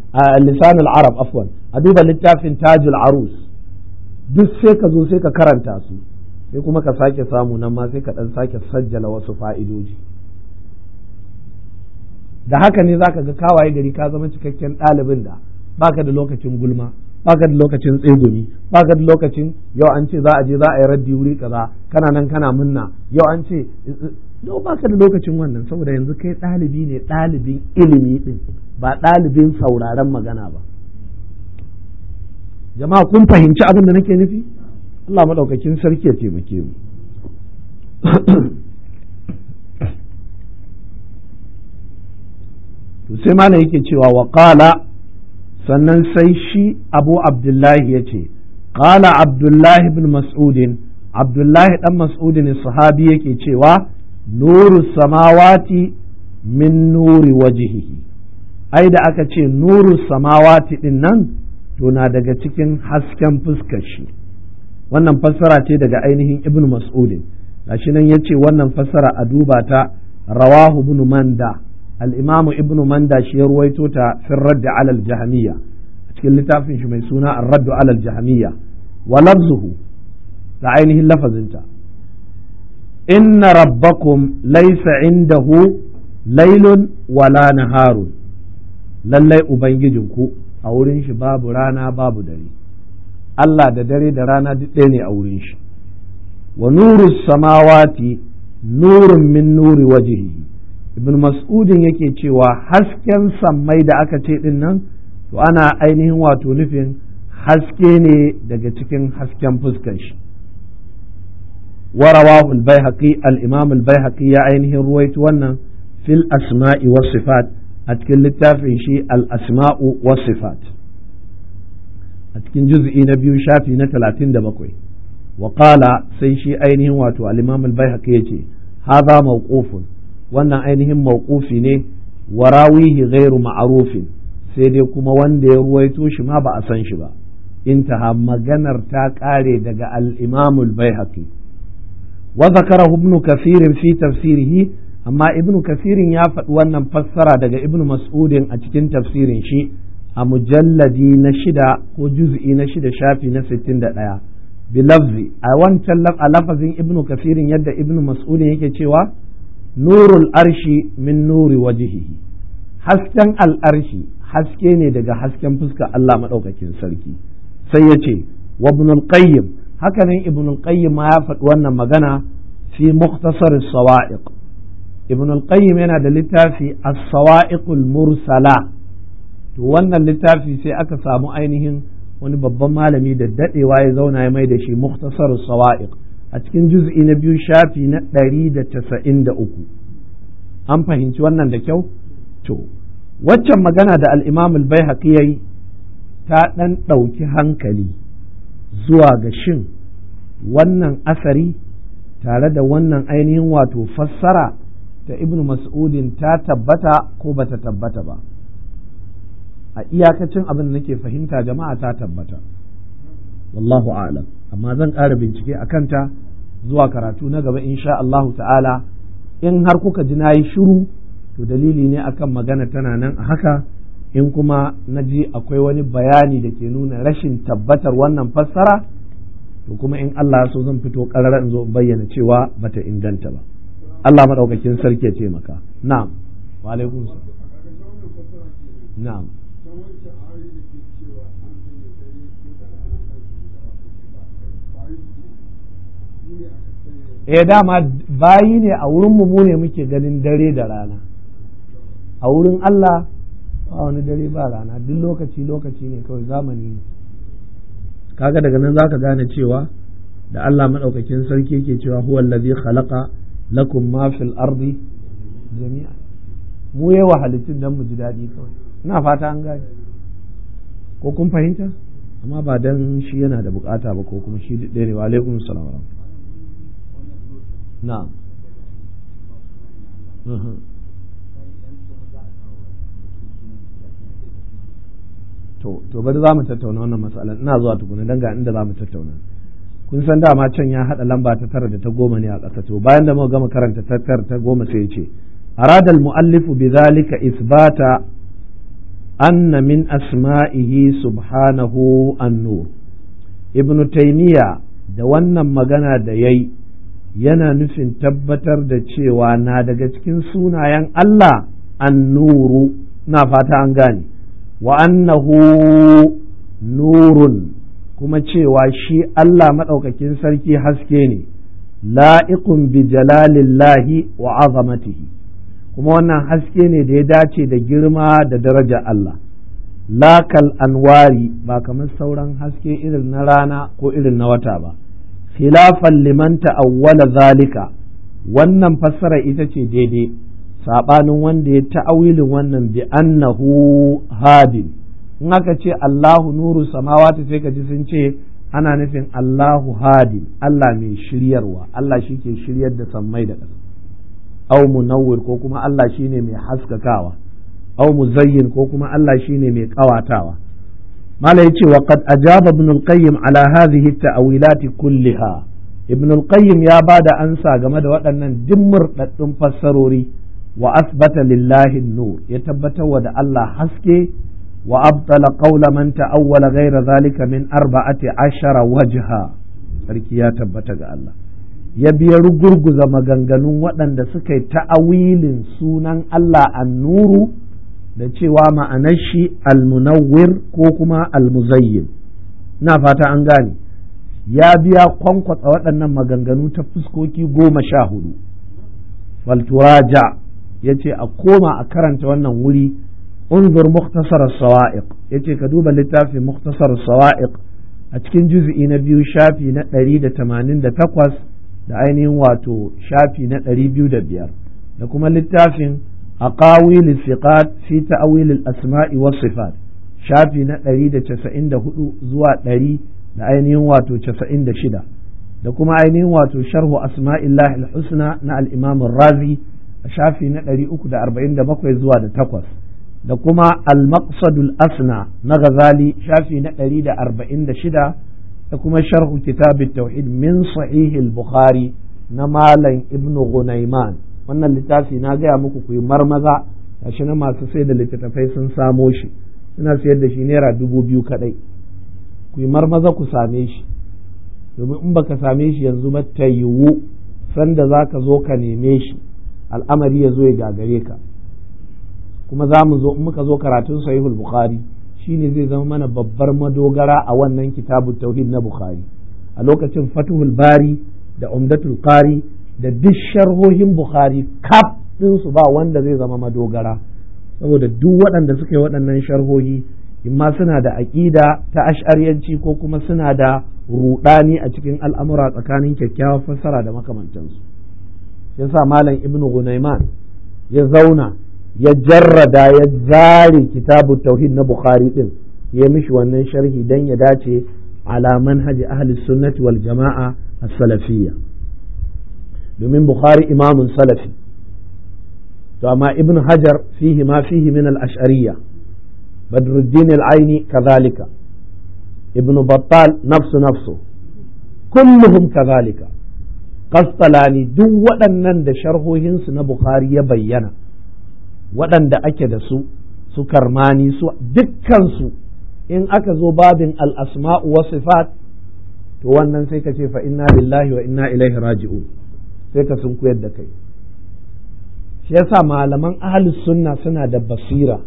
lisanul arab afwan a duba littafin tajul arus duk sai ka zo sai ka karanta su sai kuma ka sake samu nan ma sai ka dan sake sajjala wasu fa'idoji da haka ne zaka ga kawaye gari ka zama cikakken ɗalibin da baka da lokacin gulma ba da lokacin tsegumi ba lokacin yau an ce za a je za a yi raddi wuri kaza kana nan kana munna yau an ce yau ba da lokacin wannan saboda yanzu kai ɗalibi ne ɗalibin ilimi ɗin ba ɗalibin sauraren magana ba jama'a kun fahimci abin da nake nufi Allah madaukakin sarki ya taimake mu to sai yake cewa wa qala sannan sai shi abu abdullahi ya ce ƙala abdullahi bin mas'udin abdullahi ɗan mas'udin sahabi yake cewa nuru samawati min nuri wajihihi ai da aka ce nuru samawati ɗin nan to na daga cikin hasken fuskar shi wannan fassara ce daga ainihin ibn mas'udin gashi nan ya ce wannan fassara a duba ta rawahu bin manda al-imamu ibn manda shi ya ruwaito ta fi radd alal al a cikin littafin shi mai suna ar-radd ala al-jahmiyya wa lafzuhu da ainihin lafazinta inna rabbakum laysa indahu laylun wala na harun lallai ubangijinku a wurin shi babu rana babu dare Allah da dare da rana duk ɗaya ne a wurin shi wa nuru samawati nurin min nuri wajihi ibn mas'udin yake cewa hasken sammai da aka ce din nan to ana ainihin wato nufin haske ne daga cikin hasken fuskar shi warawahul bai al-imam al ya ainihin ruwaito wannan fil asma'i was sifat a cikin littafin shi al-asma'u was sifat a cikin juz'i na biyu shafi na 37 wa qala sai shi ainihin wato al-imam al-baihaqi yace hadha mawqufun wannan ainihin mawqufi ne wa rawihi ghairu ma'rufin sai dai kuma wanda ya ruwaito shi ma ba a san shi ba intaha maganar ta kare daga al-imam al-baihaqi wa zakarahu ibn kathir fi tafsirihi amma ibn kathir ya faɗi wannan fassara daga ibn mas'udin a cikin tafsirin shi a mujalladi na shida ko juz'i na shida shafi na sittin da ɗaya bilafzi a wancan a lafazin ibnu kafirin yadda ibnu mas'udin yake cewa nurul arshi min nuri wajihihi hasken al'arshi haske ne daga hasken fuska Allah maɗaukakin sarki sai ya ce wa ibnul qayyim haka nan ibnul qayyim ma ya faɗi wannan magana fi mukhtasar sawa'iq ibnul qayyim yana da littafi as-sawa'iqul mursala to wannan littafi sai aka samu ainihin wani babban malami da dadewa ya zauna ya mai da shi mukhtasar sawa'iq a cikin juz'i na biyu shafi na ɗari da casa'in da uku an fahimci wannan da kyau to waccan magana da al'imamul bai haƙi ya yi ta ɗan ɗauki hankali zuwa ga shin wannan asari tare da wannan ainihin wato fassara ta ibn mas'udin ta tabbata ko ba ta tabbata ba a iyakacin abin da nake fahimta jama'a ta tabbata wallahu a'lam amma zan ƙara bincike a kanta zuwa karatu na gaba insha Allahu ta'ala in har kuka ji nayi shiru to dalili ne akan magana tana nan a haka in kuma na ji akwai wani bayani da ke nuna rashin tabbatar wannan fassara to kuma in Allah ya so zan fito ƙarara in zo bayyana cewa bata inganta ba Allah madaukakin sarki ya taimaka na'am wa alaikum na'am eh dama bayi ne a wurin mu ne muke ganin dare da rana a wurin Allah ba wani dare ba rana duk lokaci lokaci ne kawai zamani ne kaga daga nan zaka gane cewa da Allah madaukakin sarki yake cewa huwa allazi khalaqa lakum ma fil ardi jami'a mu yawa halittun dan mu ji daɗi kawai ina fata an gane ko kun fahimta amma ba dan shi yana da bukata ba ko kuma shi duk ne wa alaikum salam نعم to to bari za mu tattauna wannan matsalar ina zuwa tukuna dan ga inda za mu tattauna kun san dama can ya haɗa lamba ta tara da ta goma ne a ƙasa to bayan da muka gama karanta ta ta goma sai ya ce muallifu al isbata anna min asma'ihi subhanahu an-nur ibn taymiya da wannan magana da yayi yana nufin tabbatar da cewa na daga cikin sunayen Allah an nuru na fata an gane wa annahu nurun kuma cewa shi Allah maɗaukakin sarki haske ne la'iqun bi jalalillahi wa azamatihi kuma wannan haske ne da ya dace da girma da daraja Allah lakal anwari ba kamar sauran haske irin na rana ko irin na wata ba khilafan liman awwala zalika wannan fassara ita ce daidai sabanin wanda ya ta'awilin wannan bi annahu hadin in aka ce Allahu nuru samawati sai ka ji sun ce ana nufin Allahu hadin Allah mai shiryarwa Allah shi ke shiryar da sammai da ƙasa au munawwir ko kuma Allah shine mai haskakawa au muzayyin ko kuma Allah shine mai ƙawatawa mala yace wa qad ajaba ibn al-qayyim ala hadhihi at kulliha ibn al-qayyim ya bada ansa game da waɗannan dimmur daddun fassarori wa asbata lillahi nur ya tabbatar wa da Allah haske wa abtala qawla man ta'awwala ghayra zalika min arba'ati ashara wajha sarki ya tabbata ga Allah ya biya rugurguza maganganun waɗanda suka yi ta'awilin sunan Allah annuru da cewa ma'anar shi almunawwir ko kuma almuzayyin na fata an gane ya biya kwankwatsa waɗannan maganganu ta fuskoki goma sha hudu falturaja ya ce a koma a karanta wannan wuri unzur muktasar sawa'iq ya ce ka duba littafin muktasar sawa'iq a cikin juzi'i na biyu shafi na ɗari da tamanin da takwas da ainihin wato shafi na ɗari biyu da biyar da kuma littafin aqawil al-thiqat fi ta'wil al-asma'i was shafi na 194 zuwa 100 da ainihin wato 96 da kuma ainihin wato sharhu asma'illahi al-husna na al-imam razi a shafi na 347 zuwa da 8 da kuma al-maqsadul asna na ghazali shafi na 146 da shida kuma sharhu kitab tauhid min sahih al-bukhari na malam ibnu gunaiman wannan littafi na gaya muku ku yi marmaza shi na masu sai da littattafai sun samo shi suna sayar da shi naira dubu biyu kaɗai ku yi marmaza ku same shi domin in baka same shi yanzu ba ta yiwu sanda za ka zo ka neme shi al'amari ya zo ya gagare ka kuma za mu zo in muka zo karatun sahihul bukhari ne zai zama mana babbar madogara a wannan kitabun tauhid na bukhari a lokacin fatuhul bari da umdatul qari da duk sharhohin bukhari kaf su ba wanda zai zama madogara saboda duk waɗanda suka yi waɗannan sharhohi imma suna da aƙida ta ash'ariyanci ko kuma suna da ruɗani a cikin al'amura tsakanin kyakkyawar fassara da makamantansu ya sa malam ibnu gunaiman ya zauna ya jarrada ya zare kitabu tauhid na bukhari din ya mishi wannan sharhi dan ya dace ala manhaji ahli sunnati wal jama'a as-salafiyya domin bukhari imamun salafi to amma ibn hajar fihi ma fihi min al-ash'ariyya badruddin al-aini kadhalika ibn battal nafsu nafsu kulluhum kadhalika kastalani duk waɗannan da sharhohinsu na bukhari ya bayyana waɗanda ake da su su karmani su dukkansu in aka zo babin asma'u wa sifat to wannan sai ka ce fa inna lillahi wa inna ilaihi raji'un sai ka sun koyar da kai shi yasa malaman ahlus sunna suna da basira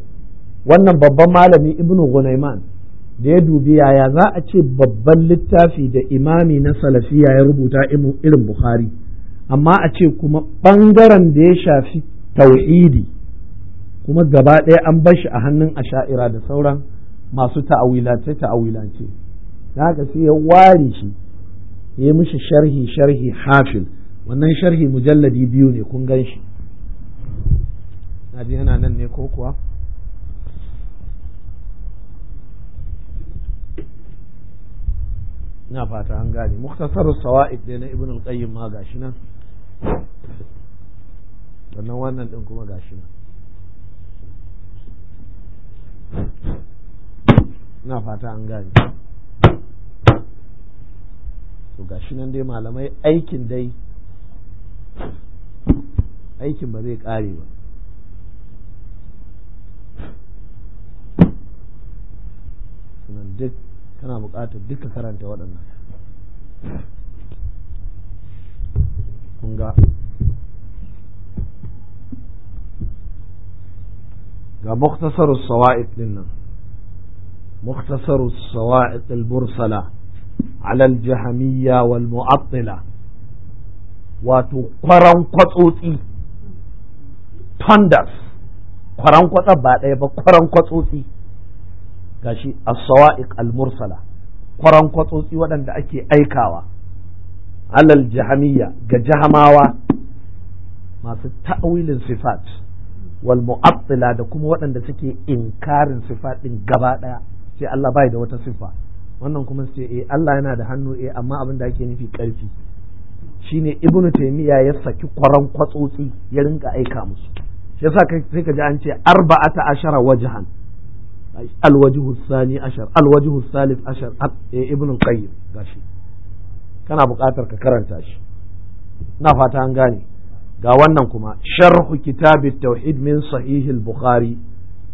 wannan babban malami ibnu gunaiman da ya dubi yaya za a ce babban littafi da imami na salafiya ya rubuta irin bukhari amma a ce kuma bangaren da ya shafi tauhidi kuma gaba ɗaya an bar shi a hannun asha'ira da sauran masu ta'awilace ta'awilace da haka sai ya ware shi ya yi mishi sharhi sharhi hafil wannan sharhi mujalladi biyu ne kun gan shi na ji yana nan ne ko kuwa na fata an gane muktasar sawa'id dai na ibn al-qayyim ma gashi nan wannan wannan din kuma gashi nan na fata an gane to gashi nan dai malamai aikin dai aikin ba zai ƙare ba sunan duk kana buƙatar duka karanta waɗannan kunga ga muktasarus sawa'id din nan muktasarus sawa'id al-mursala ala al-jahmiyya wal mu'attila wato kwaran kwatsotsi thunders kwaran kwatsa ba ɗaya ba kwaran kwatsotsi gashi as-sawa'iq al-mursala kwaran kwatsotsi waɗanda ake aikawa alal jahamiyya ga jahamawa masu ta'awilin sifat wal mu'attila da kuma waɗanda suke inkarin sifat din gaba ɗaya sai Allah bai da wata sifa wannan kuma su ce eh Allah yana da hannu eh amma abin da ake nufi ƙarfi shine ibnu taymiya ya saki kwaran kwatsotsi ya rinka aika musu shi yasa sai ka ji an ce arba'ata ashara wajhan alwajhu Sani ashar alwajhu Salif ashar eh, ibnu qayyim gashi kana buƙatar ka karanta shi na fata an gane ga wannan kuma sharhu kitabi tauhid min sahih al-bukhari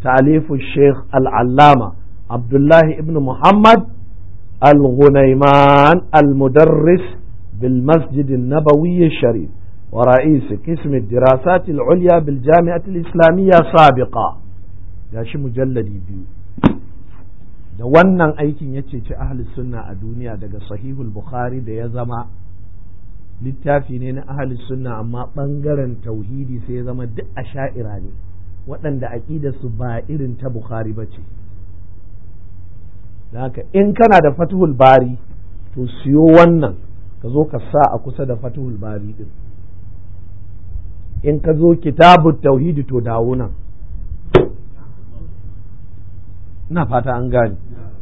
ta'alifu shaykh al-allama Abdullahi ibn muhammad al-ghunayman al-mudarris بالمسجد النبوي الشريف ورئيس قسم الدراسات العليا بالجامعة الإسلامية سابقا شي mujalladi biyu da wannan aikin ya ceci ahli sunna a duniya daga sahihul bukhari da ya zama littafi ne na ahli sunna amma ɓangaren tauhidi sai ya zama duk a sha'ira ne waɗanda aƙidarsu ba irin ta bukhari bace. ce haka in kana da fatuhul bari to siyo wannan ka zo ka sa a kusa da fatuhul bari din in ka zo kitabu tauhidi to dawo nan ina fata an gane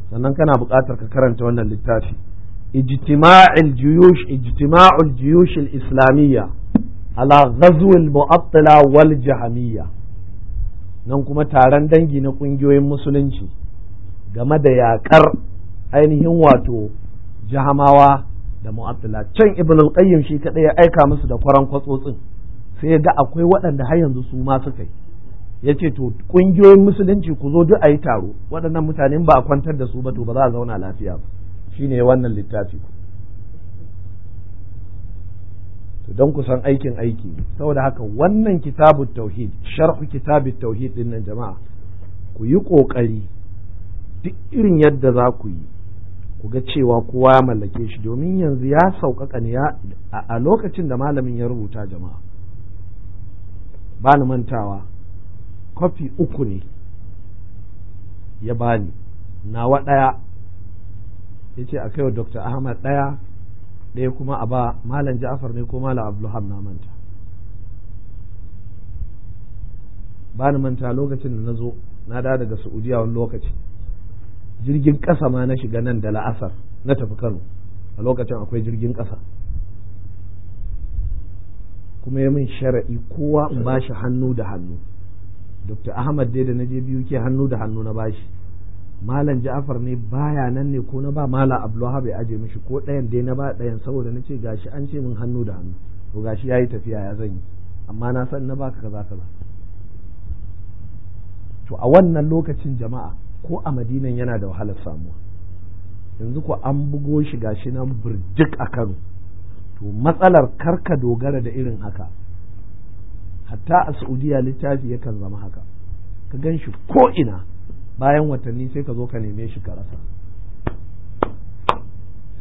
sannan kana buƙatar ka karanta wannan littafi ijtima'ul juyush ijtima'ul juyush al-islamiyya ala ghazw al-mu'attila wal jahamiyya nan kuma taron dangi na ƙungiyoyin musulunci game da yaƙar ainihin wato jahamawa da mu'attila can ibn al-qayyim shi kadai ya aika musu da kwaran kwatsotsin sai ga akwai waɗanda har yanzu su ma suka yi ya to ƙungiyoyin musulunci ku zo duk a yi taro waɗannan mutane ba a kwantar da su ba to ba za a zauna lafiya ba shine wannan littafi ku to don ku san aikin aiki saboda haka wannan kitabu tauhid sharhu kitabu tauhid din nan jama'a ku yi ƙoƙari duk irin yadda za ku yi ku ga cewa kowa ya mallake shi domin yanzu ya sauƙaƙa ne a lokacin da malamin ya rubuta jama'a bani mantawa kwafi uku ne ya bani nawa ɗaya ya ce a kai wa dr ahmad ɗaya ɗaya kuma a ba malam ja'afar ne ko malam abdulham na manta bani manta lokacin da na zo na da daga saudiya wani lokaci jirgin ƙasa ma na shiga nan da la'asar na tafi kano a lokacin akwai jirgin ƙasa kuma ya min sharaɗi kowa in ba shi hannu da hannu dr ahmad dai da na je biyu ke hannu da hannu na bashi malam ja'afar ne baya nan ne ko na ba Malam abdullahi bai aje mishi ko ɗayan dai na ba ɗayan saboda na ce gashi an ce min hannu da hannu to gashi yi tafiya ya zan yi amma na san na baka kaza kaza to a wannan lokacin jama'a ko a madinan yana da wahalar samuwa yanzu ko an bugo shi gashi nan birjik a kano to matsalar karka dogara da irin haka hatta a saudiya littafi yakan zama haka ka gan shi ko ina bayan watanni sai ka zo ka neme shi ka rasa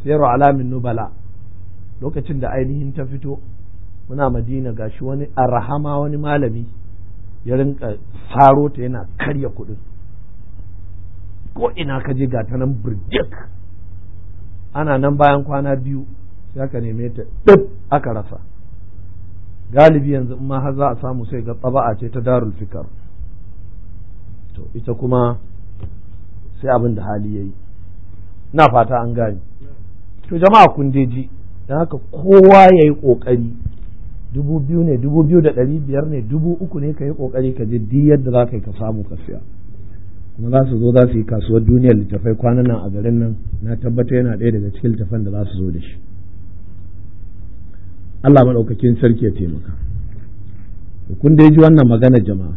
sayar alamin nubala lokacin da ainihin ta fito muna madina gashi wani arhama wani malami ya rinka saro ta yana karya kuɗin ko ina ka je ga nan birjik ana nan bayan kwana biyu sai aka neme ta duk aka rasa galibi yanzu amma ma har za a samu sai ga tsaba'a ce ta darul fikar to ita kuma sai abin da hali ya yi na fata an gane to jama'a kun deji don haka kowa ya yi ƙoƙari dubu biyu ne dubu biyu da ɗari biyar ne dubu uku ne ka yi ƙoƙari ka je duk yadda za ka yi ka samu ka siya kuma za su zo za su yi kasuwar duniyar littafai kwanan nan a garin nan na tabbata yana ɗaya daga cikin littafan da za su zo da shi Allah maɗaukakin sarki ya taimaka Hukun da ji wannan magana jama'a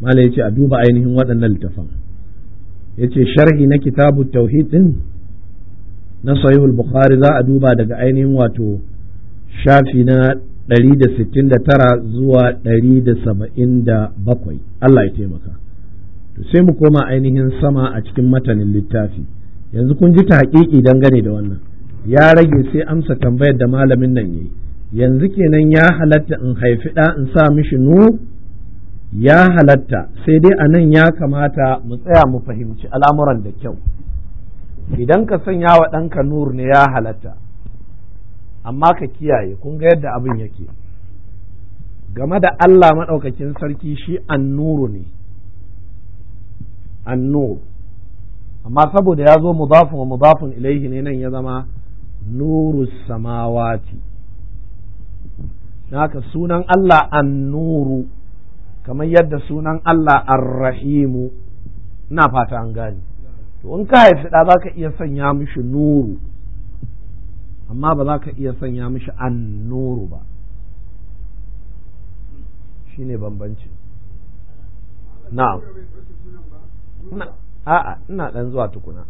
malai ya ce a duba ainihin waɗannan littafan ya ce sharhi na kitabu tauhid ɗin na sahihul bukhari za a duba daga ainihin wato shafi na da tara zuwa da bakwai. Allah ya taimaka sai mu koma ainihin sama a cikin matanin littafi yanzu kun ji ta taƙiƙi dangane da wannan ya rage sai amsa tambayar da malamin nan yayi yanzu kenan ya halatta in haifi ɗa in sa mishi nu ya halatta sai dai a nan ya kamata mu tsaya mu fahimci al'amuran da kyau idan ka sanya wa ɗanka nur ne ya halatta amma ka kiyaye kun ga yadda abin yake game da Allah maɗaukakin sarki shi an nuru ne annur amma saboda ya zo mudafin wa mudafin ilaihi ne nan ya zama nuru samawati haka sunan Allah annuru kamar yadda sunan Allah arrahimu ina fata an gani to in ka haifi da za ka iya sanya mishi nuru amma ba za ka iya sanya mishi annuru ba shine bambanci na'am a'a ina dan zuwa tukuna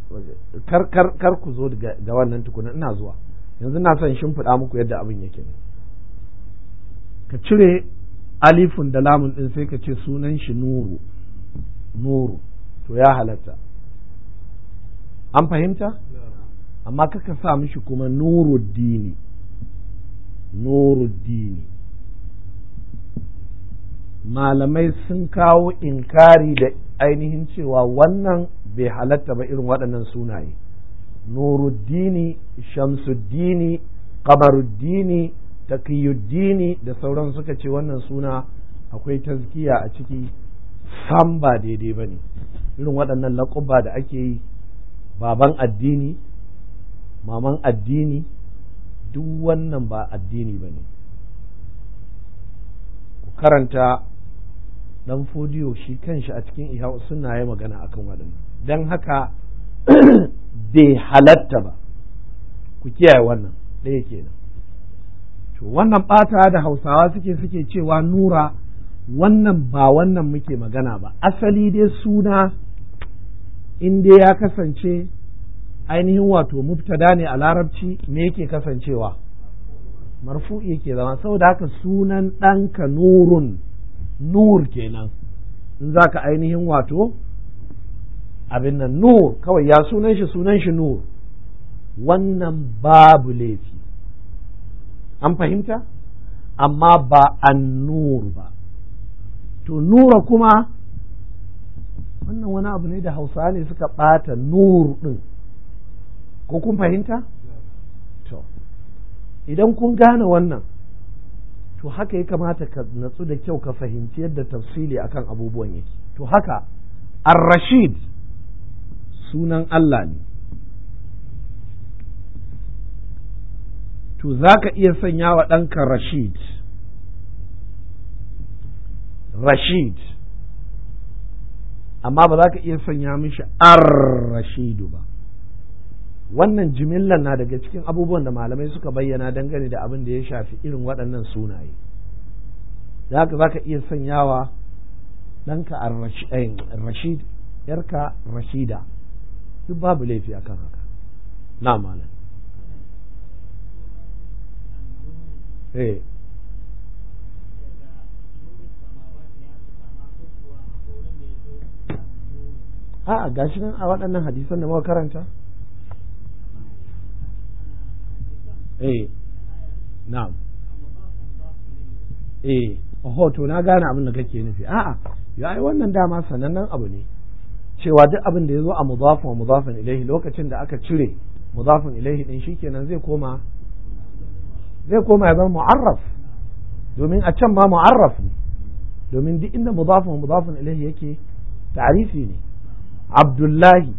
kar ku zo ga wannan tukuna ina zuwa yanzu na son shimfiɗa muku yadda abin yake ne ka cire alifun da lamun din sai ka ce sunan shi nuru nuru to ya halatta an fahimta amma kaka sa mishi kuma nuru dini nuru dini malamai sun kawo inkari da ainihin cewa wannan bai halatta ba irin waɗannan sunaye nuruddini shamsuddini kamaruddini takiyuddini da sauran suka ce wannan suna akwai tazkiya a ciki sam ba daidai ba ne irin waɗannan laƙuba da ake yi baban addini maman addini duk wannan ba addini ba ne ku karanta dan fodiyo shi kanshi a cikin ihya sunna ya magana akan waɗannan dan haka bai halatta ba ku kiyaye wannan ɗaya kenan to wannan ɓata da hausawa suke suke cewa nura wannan ba wannan muke magana ba asali dai suna in dai ya kasance ainihin wato mubtada ne a larabci me yake kasancewa marfu'i yake zama saboda haka sunan ɗanka nurun nur kenan in za ka ainihin wato abin nan nur kawai ya sunan shi sunan shi nur wannan babu laifi an fahimta amma ba an nur ba to nura kuma wannan wani abu ne da hausa ne suka ɓata nur ɗin ko kun fahimta? to idan kun gane wannan to haka ya kamata ka natsu da kyau ka fahimci yadda tafsili akan abubuwan yake to haka ar-rashid sunan Allah ne to za iya sanya wa ɗanka rashid rashid amma ba za ka iya sanya mishi ar-rashidu ba wannan jimillar na daga cikin abubuwan da malamai suka bayyana dangane da abin da ya shafi irin waɗannan sunaye za ka iya sanyawa ɗanka eh, rashid yarka rashida duk babu laifi akan haka na malam eh. a gashi nan a waɗannan hadisan da muka karanta eh na'am eh oho to na gane abin da kake nufi a'a ya wannan dama sanannen abu ne cewa duk abin da ya zo a mudafin wa mudafin ilaihi lokacin da aka cire mudafin ilaihi din shikenan zai koma zai koma ya zama mu'arraf domin a can ma mu'arraf ne domin duk inda mudafin mudafin ilaihi yake ta'rifi ne abdullahi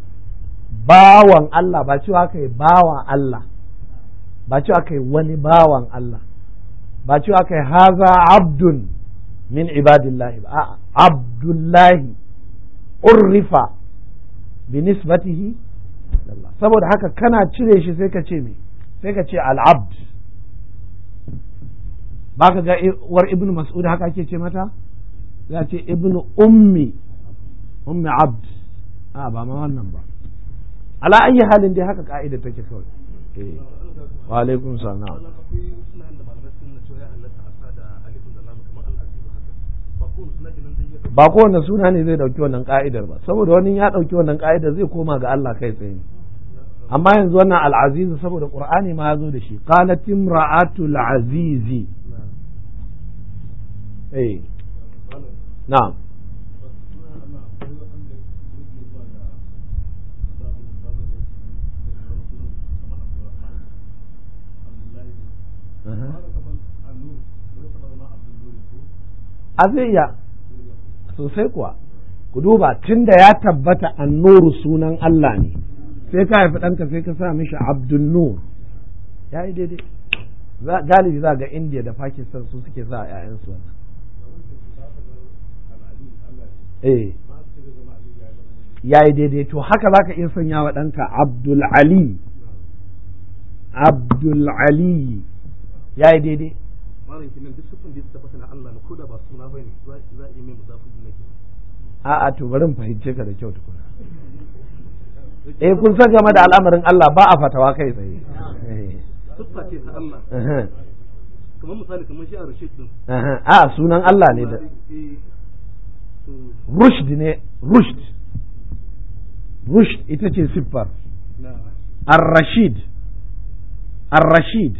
bawan Allah ba cewa kai bawan Allah ba cewa aka yi wani bawan Allah ba cewa aka yi haza abdun min ibadillahi ba a'a abdullahi urrifa bi nisbatihi saboda haka kana cire shi sai ka ce me sai ka ce al'abd ba ka ga war ibn mas'ud haka ake ce mata ya ce ibn ummi ummi abd a ba ma wannan ba ala ayi halin dai haka ka'ida take kawai eh. wa salam ba kowane suna ne zai ɗauki wannan ƙa'idar ba saboda wani ya ɗauki wannan ƙa'idar zai koma ga Allah kai tsaye amma yanzu wannan al'azizu saboda ƙur'ani ma ya zo da shi qalat imra'atul azizi na'am Mm-hmm. a zai iya sosai kuwa ku duba tunda ya tabbata annuru sunan Allah ne sai ka haifi ɗanka sai ka sa mishi abdul nur ya yi daidai galibi za ga indiya da pakistan su suke sa ‘ya'yansu wannan eh. ya yi daidai to haka za ka iya sanya wa ɗanka abdul ali abdul ali ya yi daidai malam kinan duk sufin da tabbata na Allah ko da ba suna ne za za yi mai muzafin ne a a to bari mu fahimce ka da kyau tukuna eh kun san game da al'amarin Allah ba a fatawa kai tsaye siffa ce ta Allah kamar misali kamar shi a rashid din a sunan Allah ne da eh, rushd ne rushd rushd ita ce siffar ar-rashid ar-rashid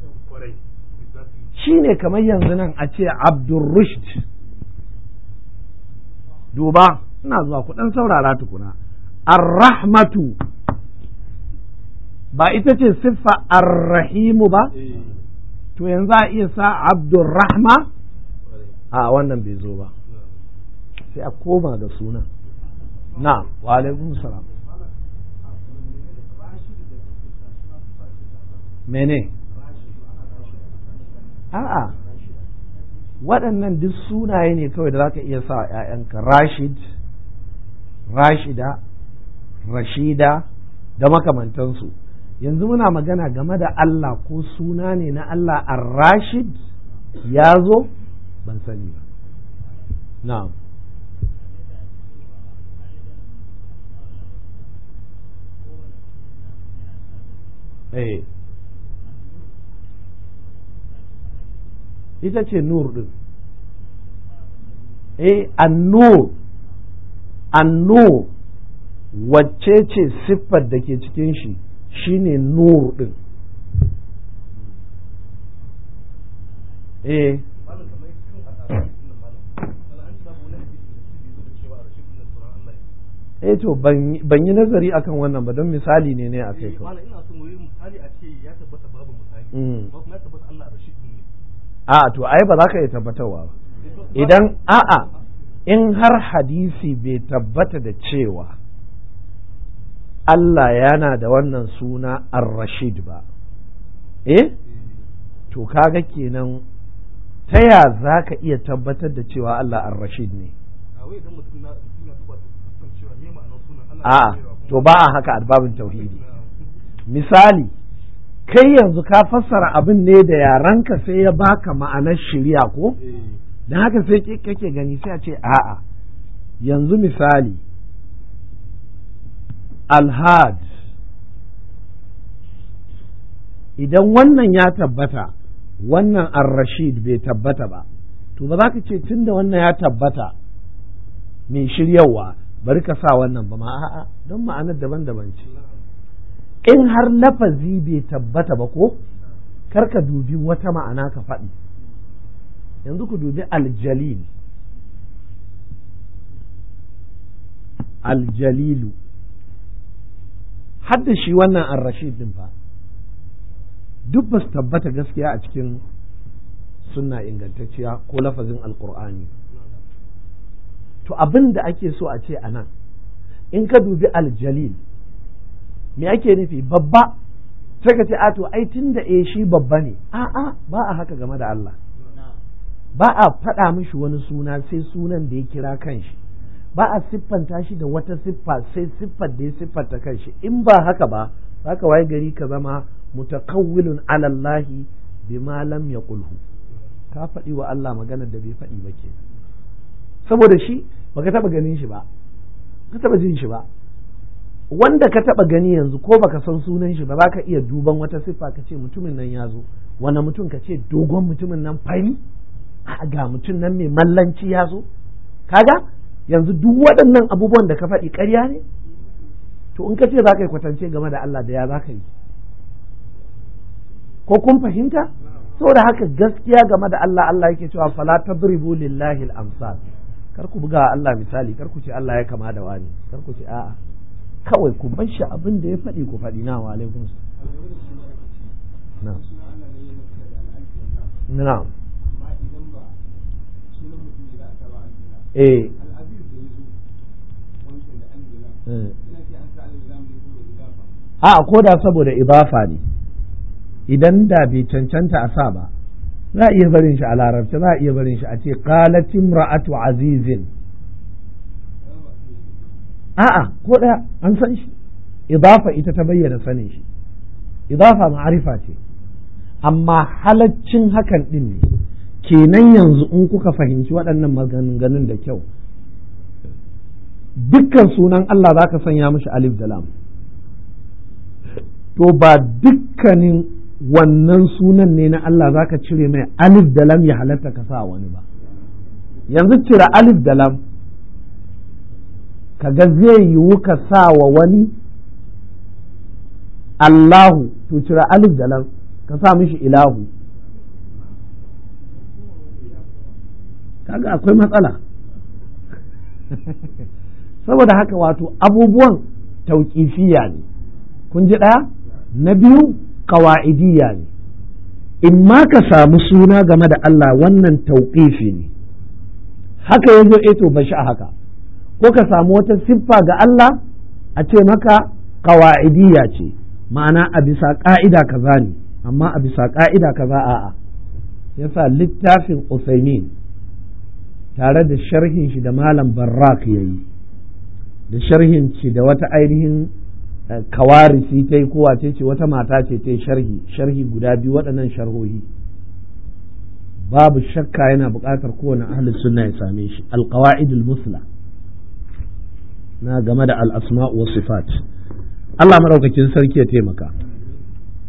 shi ne kamar yanzu nan a ce abdurrushd duba ina zuwa ku saurara tukuna arrahmatu ba ita ce siffa arrahimu ba to yanzu a iya sa abdurrahma a wannan bai zo ba sai a koma ga suna na wa mene a'a waɗannan duk sunaye ne kawai da za ka iya sa ‘ya'yanka rashid rashida rashida da makamantansu yanzu muna magana game da Allah ko suna ne na Allah ar-rashid ya zo ban sani ba na'am eh ita ce nur din eh annur annur wacce ce siffar da ke cikin shi shine nur din eh eh to ban yi nazari akan wannan ba don misali ne ne a kai kawai eh, ina son misali a ce ya tabbata babu misali mm. ba kuma ya tabbata a'a to ai ba za ka iya tabbatarwa ba idan a'a in har hadisi bai tabbata da cewa Allah yana da wannan suna ar-rashid ba eh to kaga kenan ta ya za ka iya tabbatar da cewa Allah ar-rashid ne A'a to ba a haka albabin tauhidi misali kai yanzu ka fassara abin ne da yaranka sai ya baka ma'anar shirya ko eh. don haka sai kake gani sai a ce a'a yanzu misali alhad idan wannan ya tabbata wannan arrashid rashid bai tabbata ba to ba za ka ce tun da wannan ya tabbata mai shiryawa bari ka sa wannan ba ma a'a don ma'anar daban-daban ce in har lafazi bai tabbata ba ko kar ka dubi wata ma'ana ka faɗi yanzu ku dubi aljalil aljalilu hadda shi wannan an rashid din fa duk ba su tabbata gaskiya a cikin sunna ingantacciya ko lafazin alkur'ani to abin da ake so a ce a nan in ka dubi aljalil me ake nufi babba sai ka ce a to ai tun da eh, shi babba ne a'a ba a haka game da Allah ba a faɗa mishi wani suna sai sunan da ya kira kanshi ba a siffanta shi da wata siffa sai siffar da ya siffanta kanshi in ba haka ba za ka waye gari ka zama mutakawwilun alallahi malam lam yaqulhu ka faɗi wa Allah maganar da bai faɗi ba ke saboda shi baka taɓa ganin shi ba ka taɓa jin shi ba wanda ka taba gani yanzu ko baka san sunan shi ba za ka iya duban wata siffa ka ce mutumin nan ya zo wani mutum ka ce dogon mutumin nan fari ga mutum nan mai mallanci ya zo kaga yanzu duk waɗannan abubuwan da ka faɗi ƙarya ne to in ka ce za ka yi kwatance game da Allah da ya za ka yi ko kun fahimta saboda haka gaskiya game da Allah Allah yake cewa fala tadribu lillahi al-amsal kar ku buga Allah misali kar ku ce Allah ya kama da wani kar ku ce a'a kawai ku bar shi abin da ya faɗi ku faɗi na wa alaikum na'am eh, eh. a ah, ko da saboda ibafa ne idan da bai cancanta a sa ba za a iya barin shi a larabci za a iya barin shi a ce qalat imra'atu azizin a'a ko ɗaya an san shi idafa ita ta bayyana sanin shi idafa ma'arifa ce amma halaccin hakan ɗin ne kenan yanzu in kuka fahimci waɗannan maganganun da kyau dukkan sunan Allah za ka sanya mishi alif da lam to ba dukkanin wannan sunan ne na Allah za ka cire mai alif da lam ya halatta ka sa wani ba yanzu cire alif da lam kaga zai yiwu ka sa wa wani Allahu to cira alif da nan ka sa mishi ilahu kaga akwai matsala saboda haka wato abubuwan tauƙifiya ne kun ji ɗaya na biyu ƙawa'idiyya ne in ma ka samu suna game da Allah wannan tauƙifi ne haka ya zo eto eh bashi a haka ko ka samu wata siffa ga Allah a ce maka kawa'idiyya ce ma'ana a bisa ka'ida kaza ne amma a bisa ka'ida kaza a'a yasa littafin Usaimin tare da sharhin shi da malam Barrak yayi da sharhin shi da wata ainihin eh, kawarisi ta yi kowa ce ce wata mata ce ta sharhi sharhi guda biyu waɗannan sharhohi babu shakka yana buƙatar kowane ahlus sunna ya same shi alqawaidul musla na game da al'asma wa sifat Allah maɗaukakin sarki ya taimaka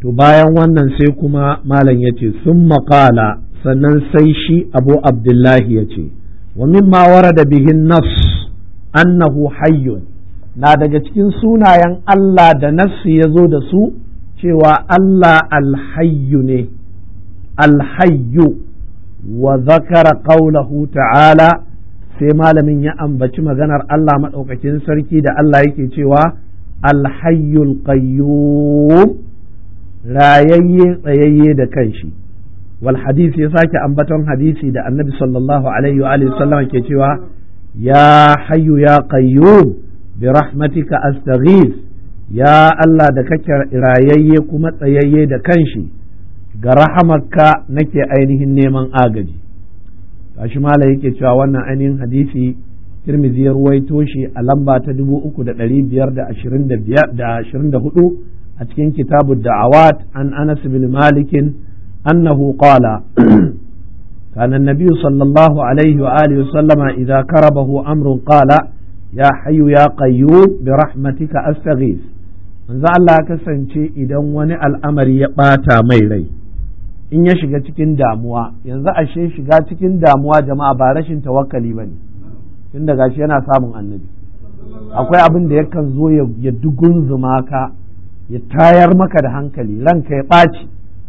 to bayan wannan sai kuma malam ya ce sun maƙala sannan sai shi abu abdullahi ya ce wa mimma da bihin nas annahu hayyun na daga cikin sunayen Allah da nassi ya zo da su cewa Allah alhayyu ne alhayyu wa zakara ta'ala sai malamin ya ambaci maganar Allah maɗaukacin sarki da Allah yake cewa alhayyul qayyum rayayye tsayayye da kanshi wal hadisi ya sake ambaton hadisi da annabi sallallahu alaihi wa sallam ke cewa ya hayyu ya qayyum bi rahmatika astaghith ya Allah da kake rayayye kuma tsayayye da kanshi ga rahamarka nake ainihin neman agaji kashi mala yake cewa wannan ainihin hadisi tirmidhi ya ruwaito shi a lamba ta dubu uku da ɗari biyar da ashirin da biyar da ashirin da hudu a cikin kitabu da'awat an anas bin malikin annahu qala kana annabi sallallahu alaihi wa alihi wa sallama idza karabahu amrun qala ya hayyu ya qayyum bi rahmatika astaghith manzo Allah kasance idan wani al'amari ya bata mai rai in ya shiga cikin damuwa yanzu ashe shiga cikin damuwa jama'a ba rashin tawakkali ba ne tun daga shi yana samun annabi akwai abin da yakan zo ya dugunzuma ka ya tayar maka da hankali ranka ya ɓaci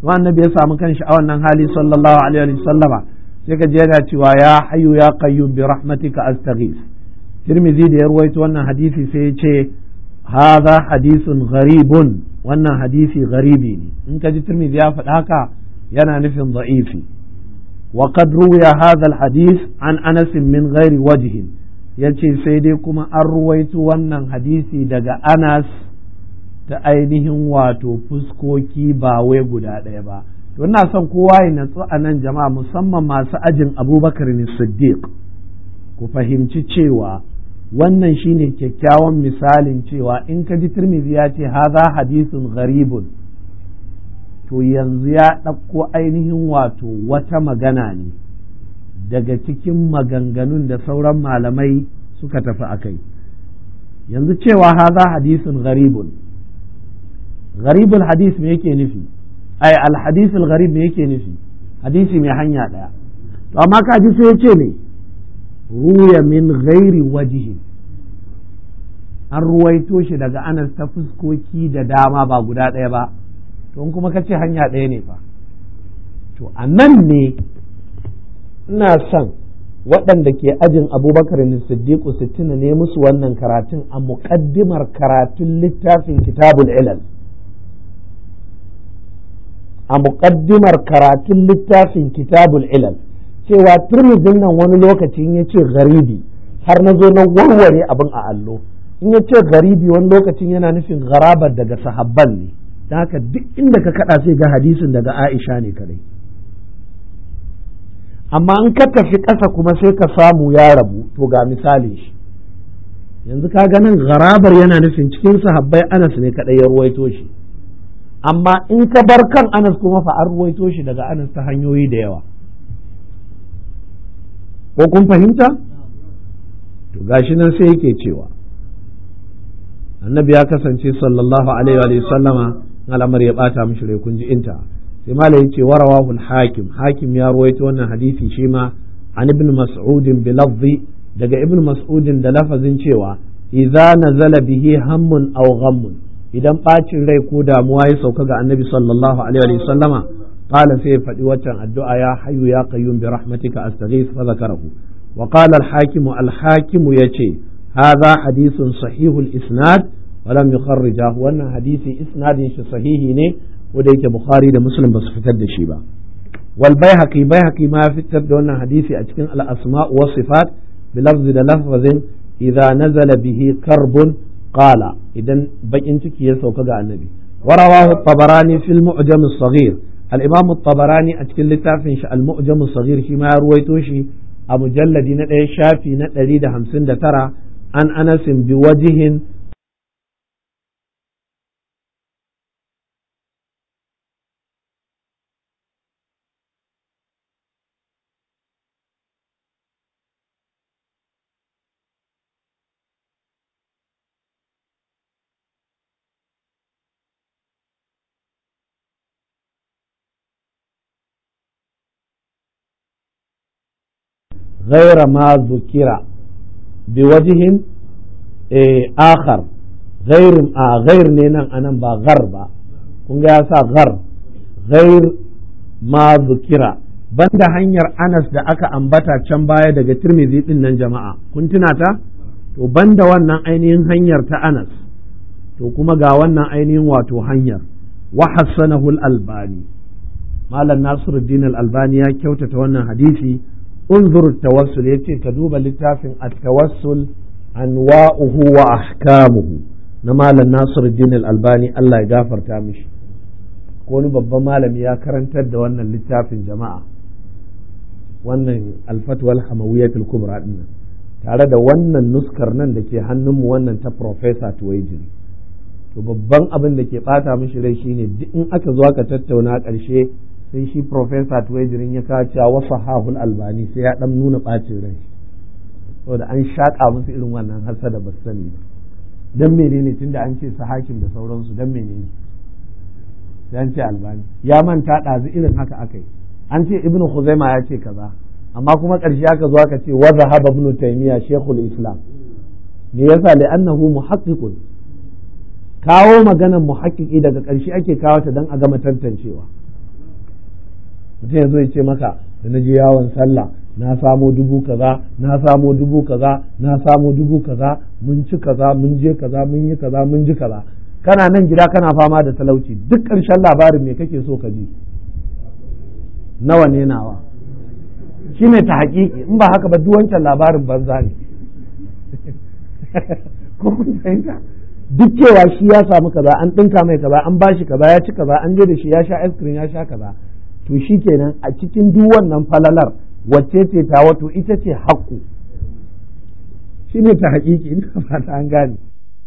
annabi ya samu kanshi a wannan hali sallallahu alaihi wa sai ka je yana cewa ya hayu ya qayyum bi rahmatika astaghis tirmidhi da ya ruwaito wannan hadisi sai ya ce hadha hadithun gharibun wannan hadisi gharibi ne in ka ji tirmidhi ya faɗa haka yana nufin da'ifi wa qad ruwiya hadha alhadith an Anas min ghairi wajhin yace sai dai kuma an ruwaito wannan hadisi daga Anas ta ainihin wato fuskoki ba wai guda ɗaya ba to ina son kowa ya natsu a nan jama'a musamman masu ajin Abubakar ne Siddiq ku fahimci cewa wannan shine kyakkyawan misalin cewa in ka ji Tirmidhi ya ce hadha hadithun gharibun to yanzu ya ɗauko ainihin wato wata magana ne daga cikin maganganun da sauran malamai suka tafi a kai yanzu cewa haza hadisin gharibun gharibul hadis me yake nufi ai alhadisul gharib me yake nufi hadisi mai hanya ɗaya to amma ka ji sai ce ne ruya min ghairi wajihin an ruwaito shi daga anas ta fuskoki da dama ba guda ɗaya ba to in kuma ka ce hanya ɗaya ne fa to a nan ne ina son waɗanda ke ajin abubakar su tuna ne musu wannan karatun a muƙaddimar karatun littafin kitabul ilal a muƙaddimar karatun littafin kitabul ilal cewa turmizin nan wani lokacin ya ce garibi har na zo na warware abin a allo in ya ce garibi wani lokacin yana nufin garabar daga sahabban ne da haka duk inda ka kada sai ga hadisin daga Aisha ne kadai amma in ka tafi ƙasa kuma sai ka samu ya rabu to ga misali shi yanzu ka ganin garabar yana nufin cikin sahabbai Anas ne kadai ya ruwaito shi amma in ka bar kan Anas kuma fa an ruwaito shi daga Anas ta hanyoyi da yawa ko kun fahimta to gashi nan sai yake cewa annabi ya kasance sallallahu alaihi wa sallama al'amari ya bata mishi rai kun ji inta sai malai yace warawahu hakim hakim ya ruwaito wannan hadisi shi ma an ibn mas'ud bi daga ibn mas'ud da lafazin cewa idza nazala bihi hammun aw ghammun idan bacin rai ko damuwa ya sauka ga annabi sallallahu alaihi wa sallama qala sai faɗi waccan addu'a ya hayyu ya qayyum bi rahmatika astaghith fa zakarahu wa qala al hakim al hakim yace hadha hadithun sahihul isnad walam yukharrija wannan hadisi isnadin shi sahihi ne wanda yake bukhari da muslim ba su fitar da shi ba walbai baihaqi baihaqi ma fitar da wannan hadisi a cikin al asma' sifat bi lafzi da lafzin idza nazala bihi karbun qala idan bakin ciki ya sauka ga annabi ورواه الطبراني في المعجم الصغير الإمام الطبراني أتكل لتافن المعجم الصغير na رويتوشي shafi جلد نتعي شافي نتعي da همسن ترى عن simbi بوجه غير ما ذكر بوجه آخر غير آه غير نينا أنا بغربة كنجا غر غير ma zukira banda hanyar Anas da aka ambata can baya daga Tirmidhi din nan jama'a kun tuna ta to banda wannan ainihin hanyar ta Anas to kuma ga wannan ainihin wato hanyar wa hassanahu al-Albani Malam Nasiruddin al-Albani ya kyautata wannan hadisi unzur tawassul ce ka duba littafin at-tawassul anwa'uhu wa ahkamuhu na malam Nasiruddin Al-Albani Allah ya gafarta mishi ko wani babban malami ya karantar da wannan littafin jama'a wannan alfatwal hamawiyatul kubra din tare da wannan nuskar nan da ke mu wannan ta professor Tuwaijiri to babban abin da ke ɓata mishi rai shine duk in aka zo aka tattauna ƙarshe sai shi profesa tuwajirin ya kawo cewa wasu hahun albani sai ya dan nuna ɓacin rai saboda an shaƙa musu irin wannan hasa da basu sani ba don menene tunda an ce su hakim da sauransu don menene sai an ce albani ya manta ɗazu irin haka aka yi an ce ibnu khuzaima ya ce kaza amma kuma ƙarshe aka zo aka ce wa zahaba ibnu taymiya shaykhul islam me yasa li annahu muhaqqiqun kawo maganar muhaqqiqi daga ƙarshe ake kawo ta dan a gama tantancewa mutum ya zai ce maka da na je yawon sallah na samo dubu kaza na samo dubu kaza na samo dubu kaza mun ci kaza mun je kaza mun yi kaza mun ji kaza kana nan gida kana fama da talauci duk ƙarshen labarin me kake so ka ji nawa ne nawa shi ne ta haƙiƙi in ba haka ba duk wancan labarin banza ne ko kun fahimta duk cewa shi ya samu kaza an ɗinka mai kaza an bashi kaza ya ci kaza an je da shi ya sha ice cream ya sha kaza to shi kenan a cikin duk wannan falalar wacce ce ta wato ita ce haƙƙo shi ne ta haƙiƙi ina fata an gane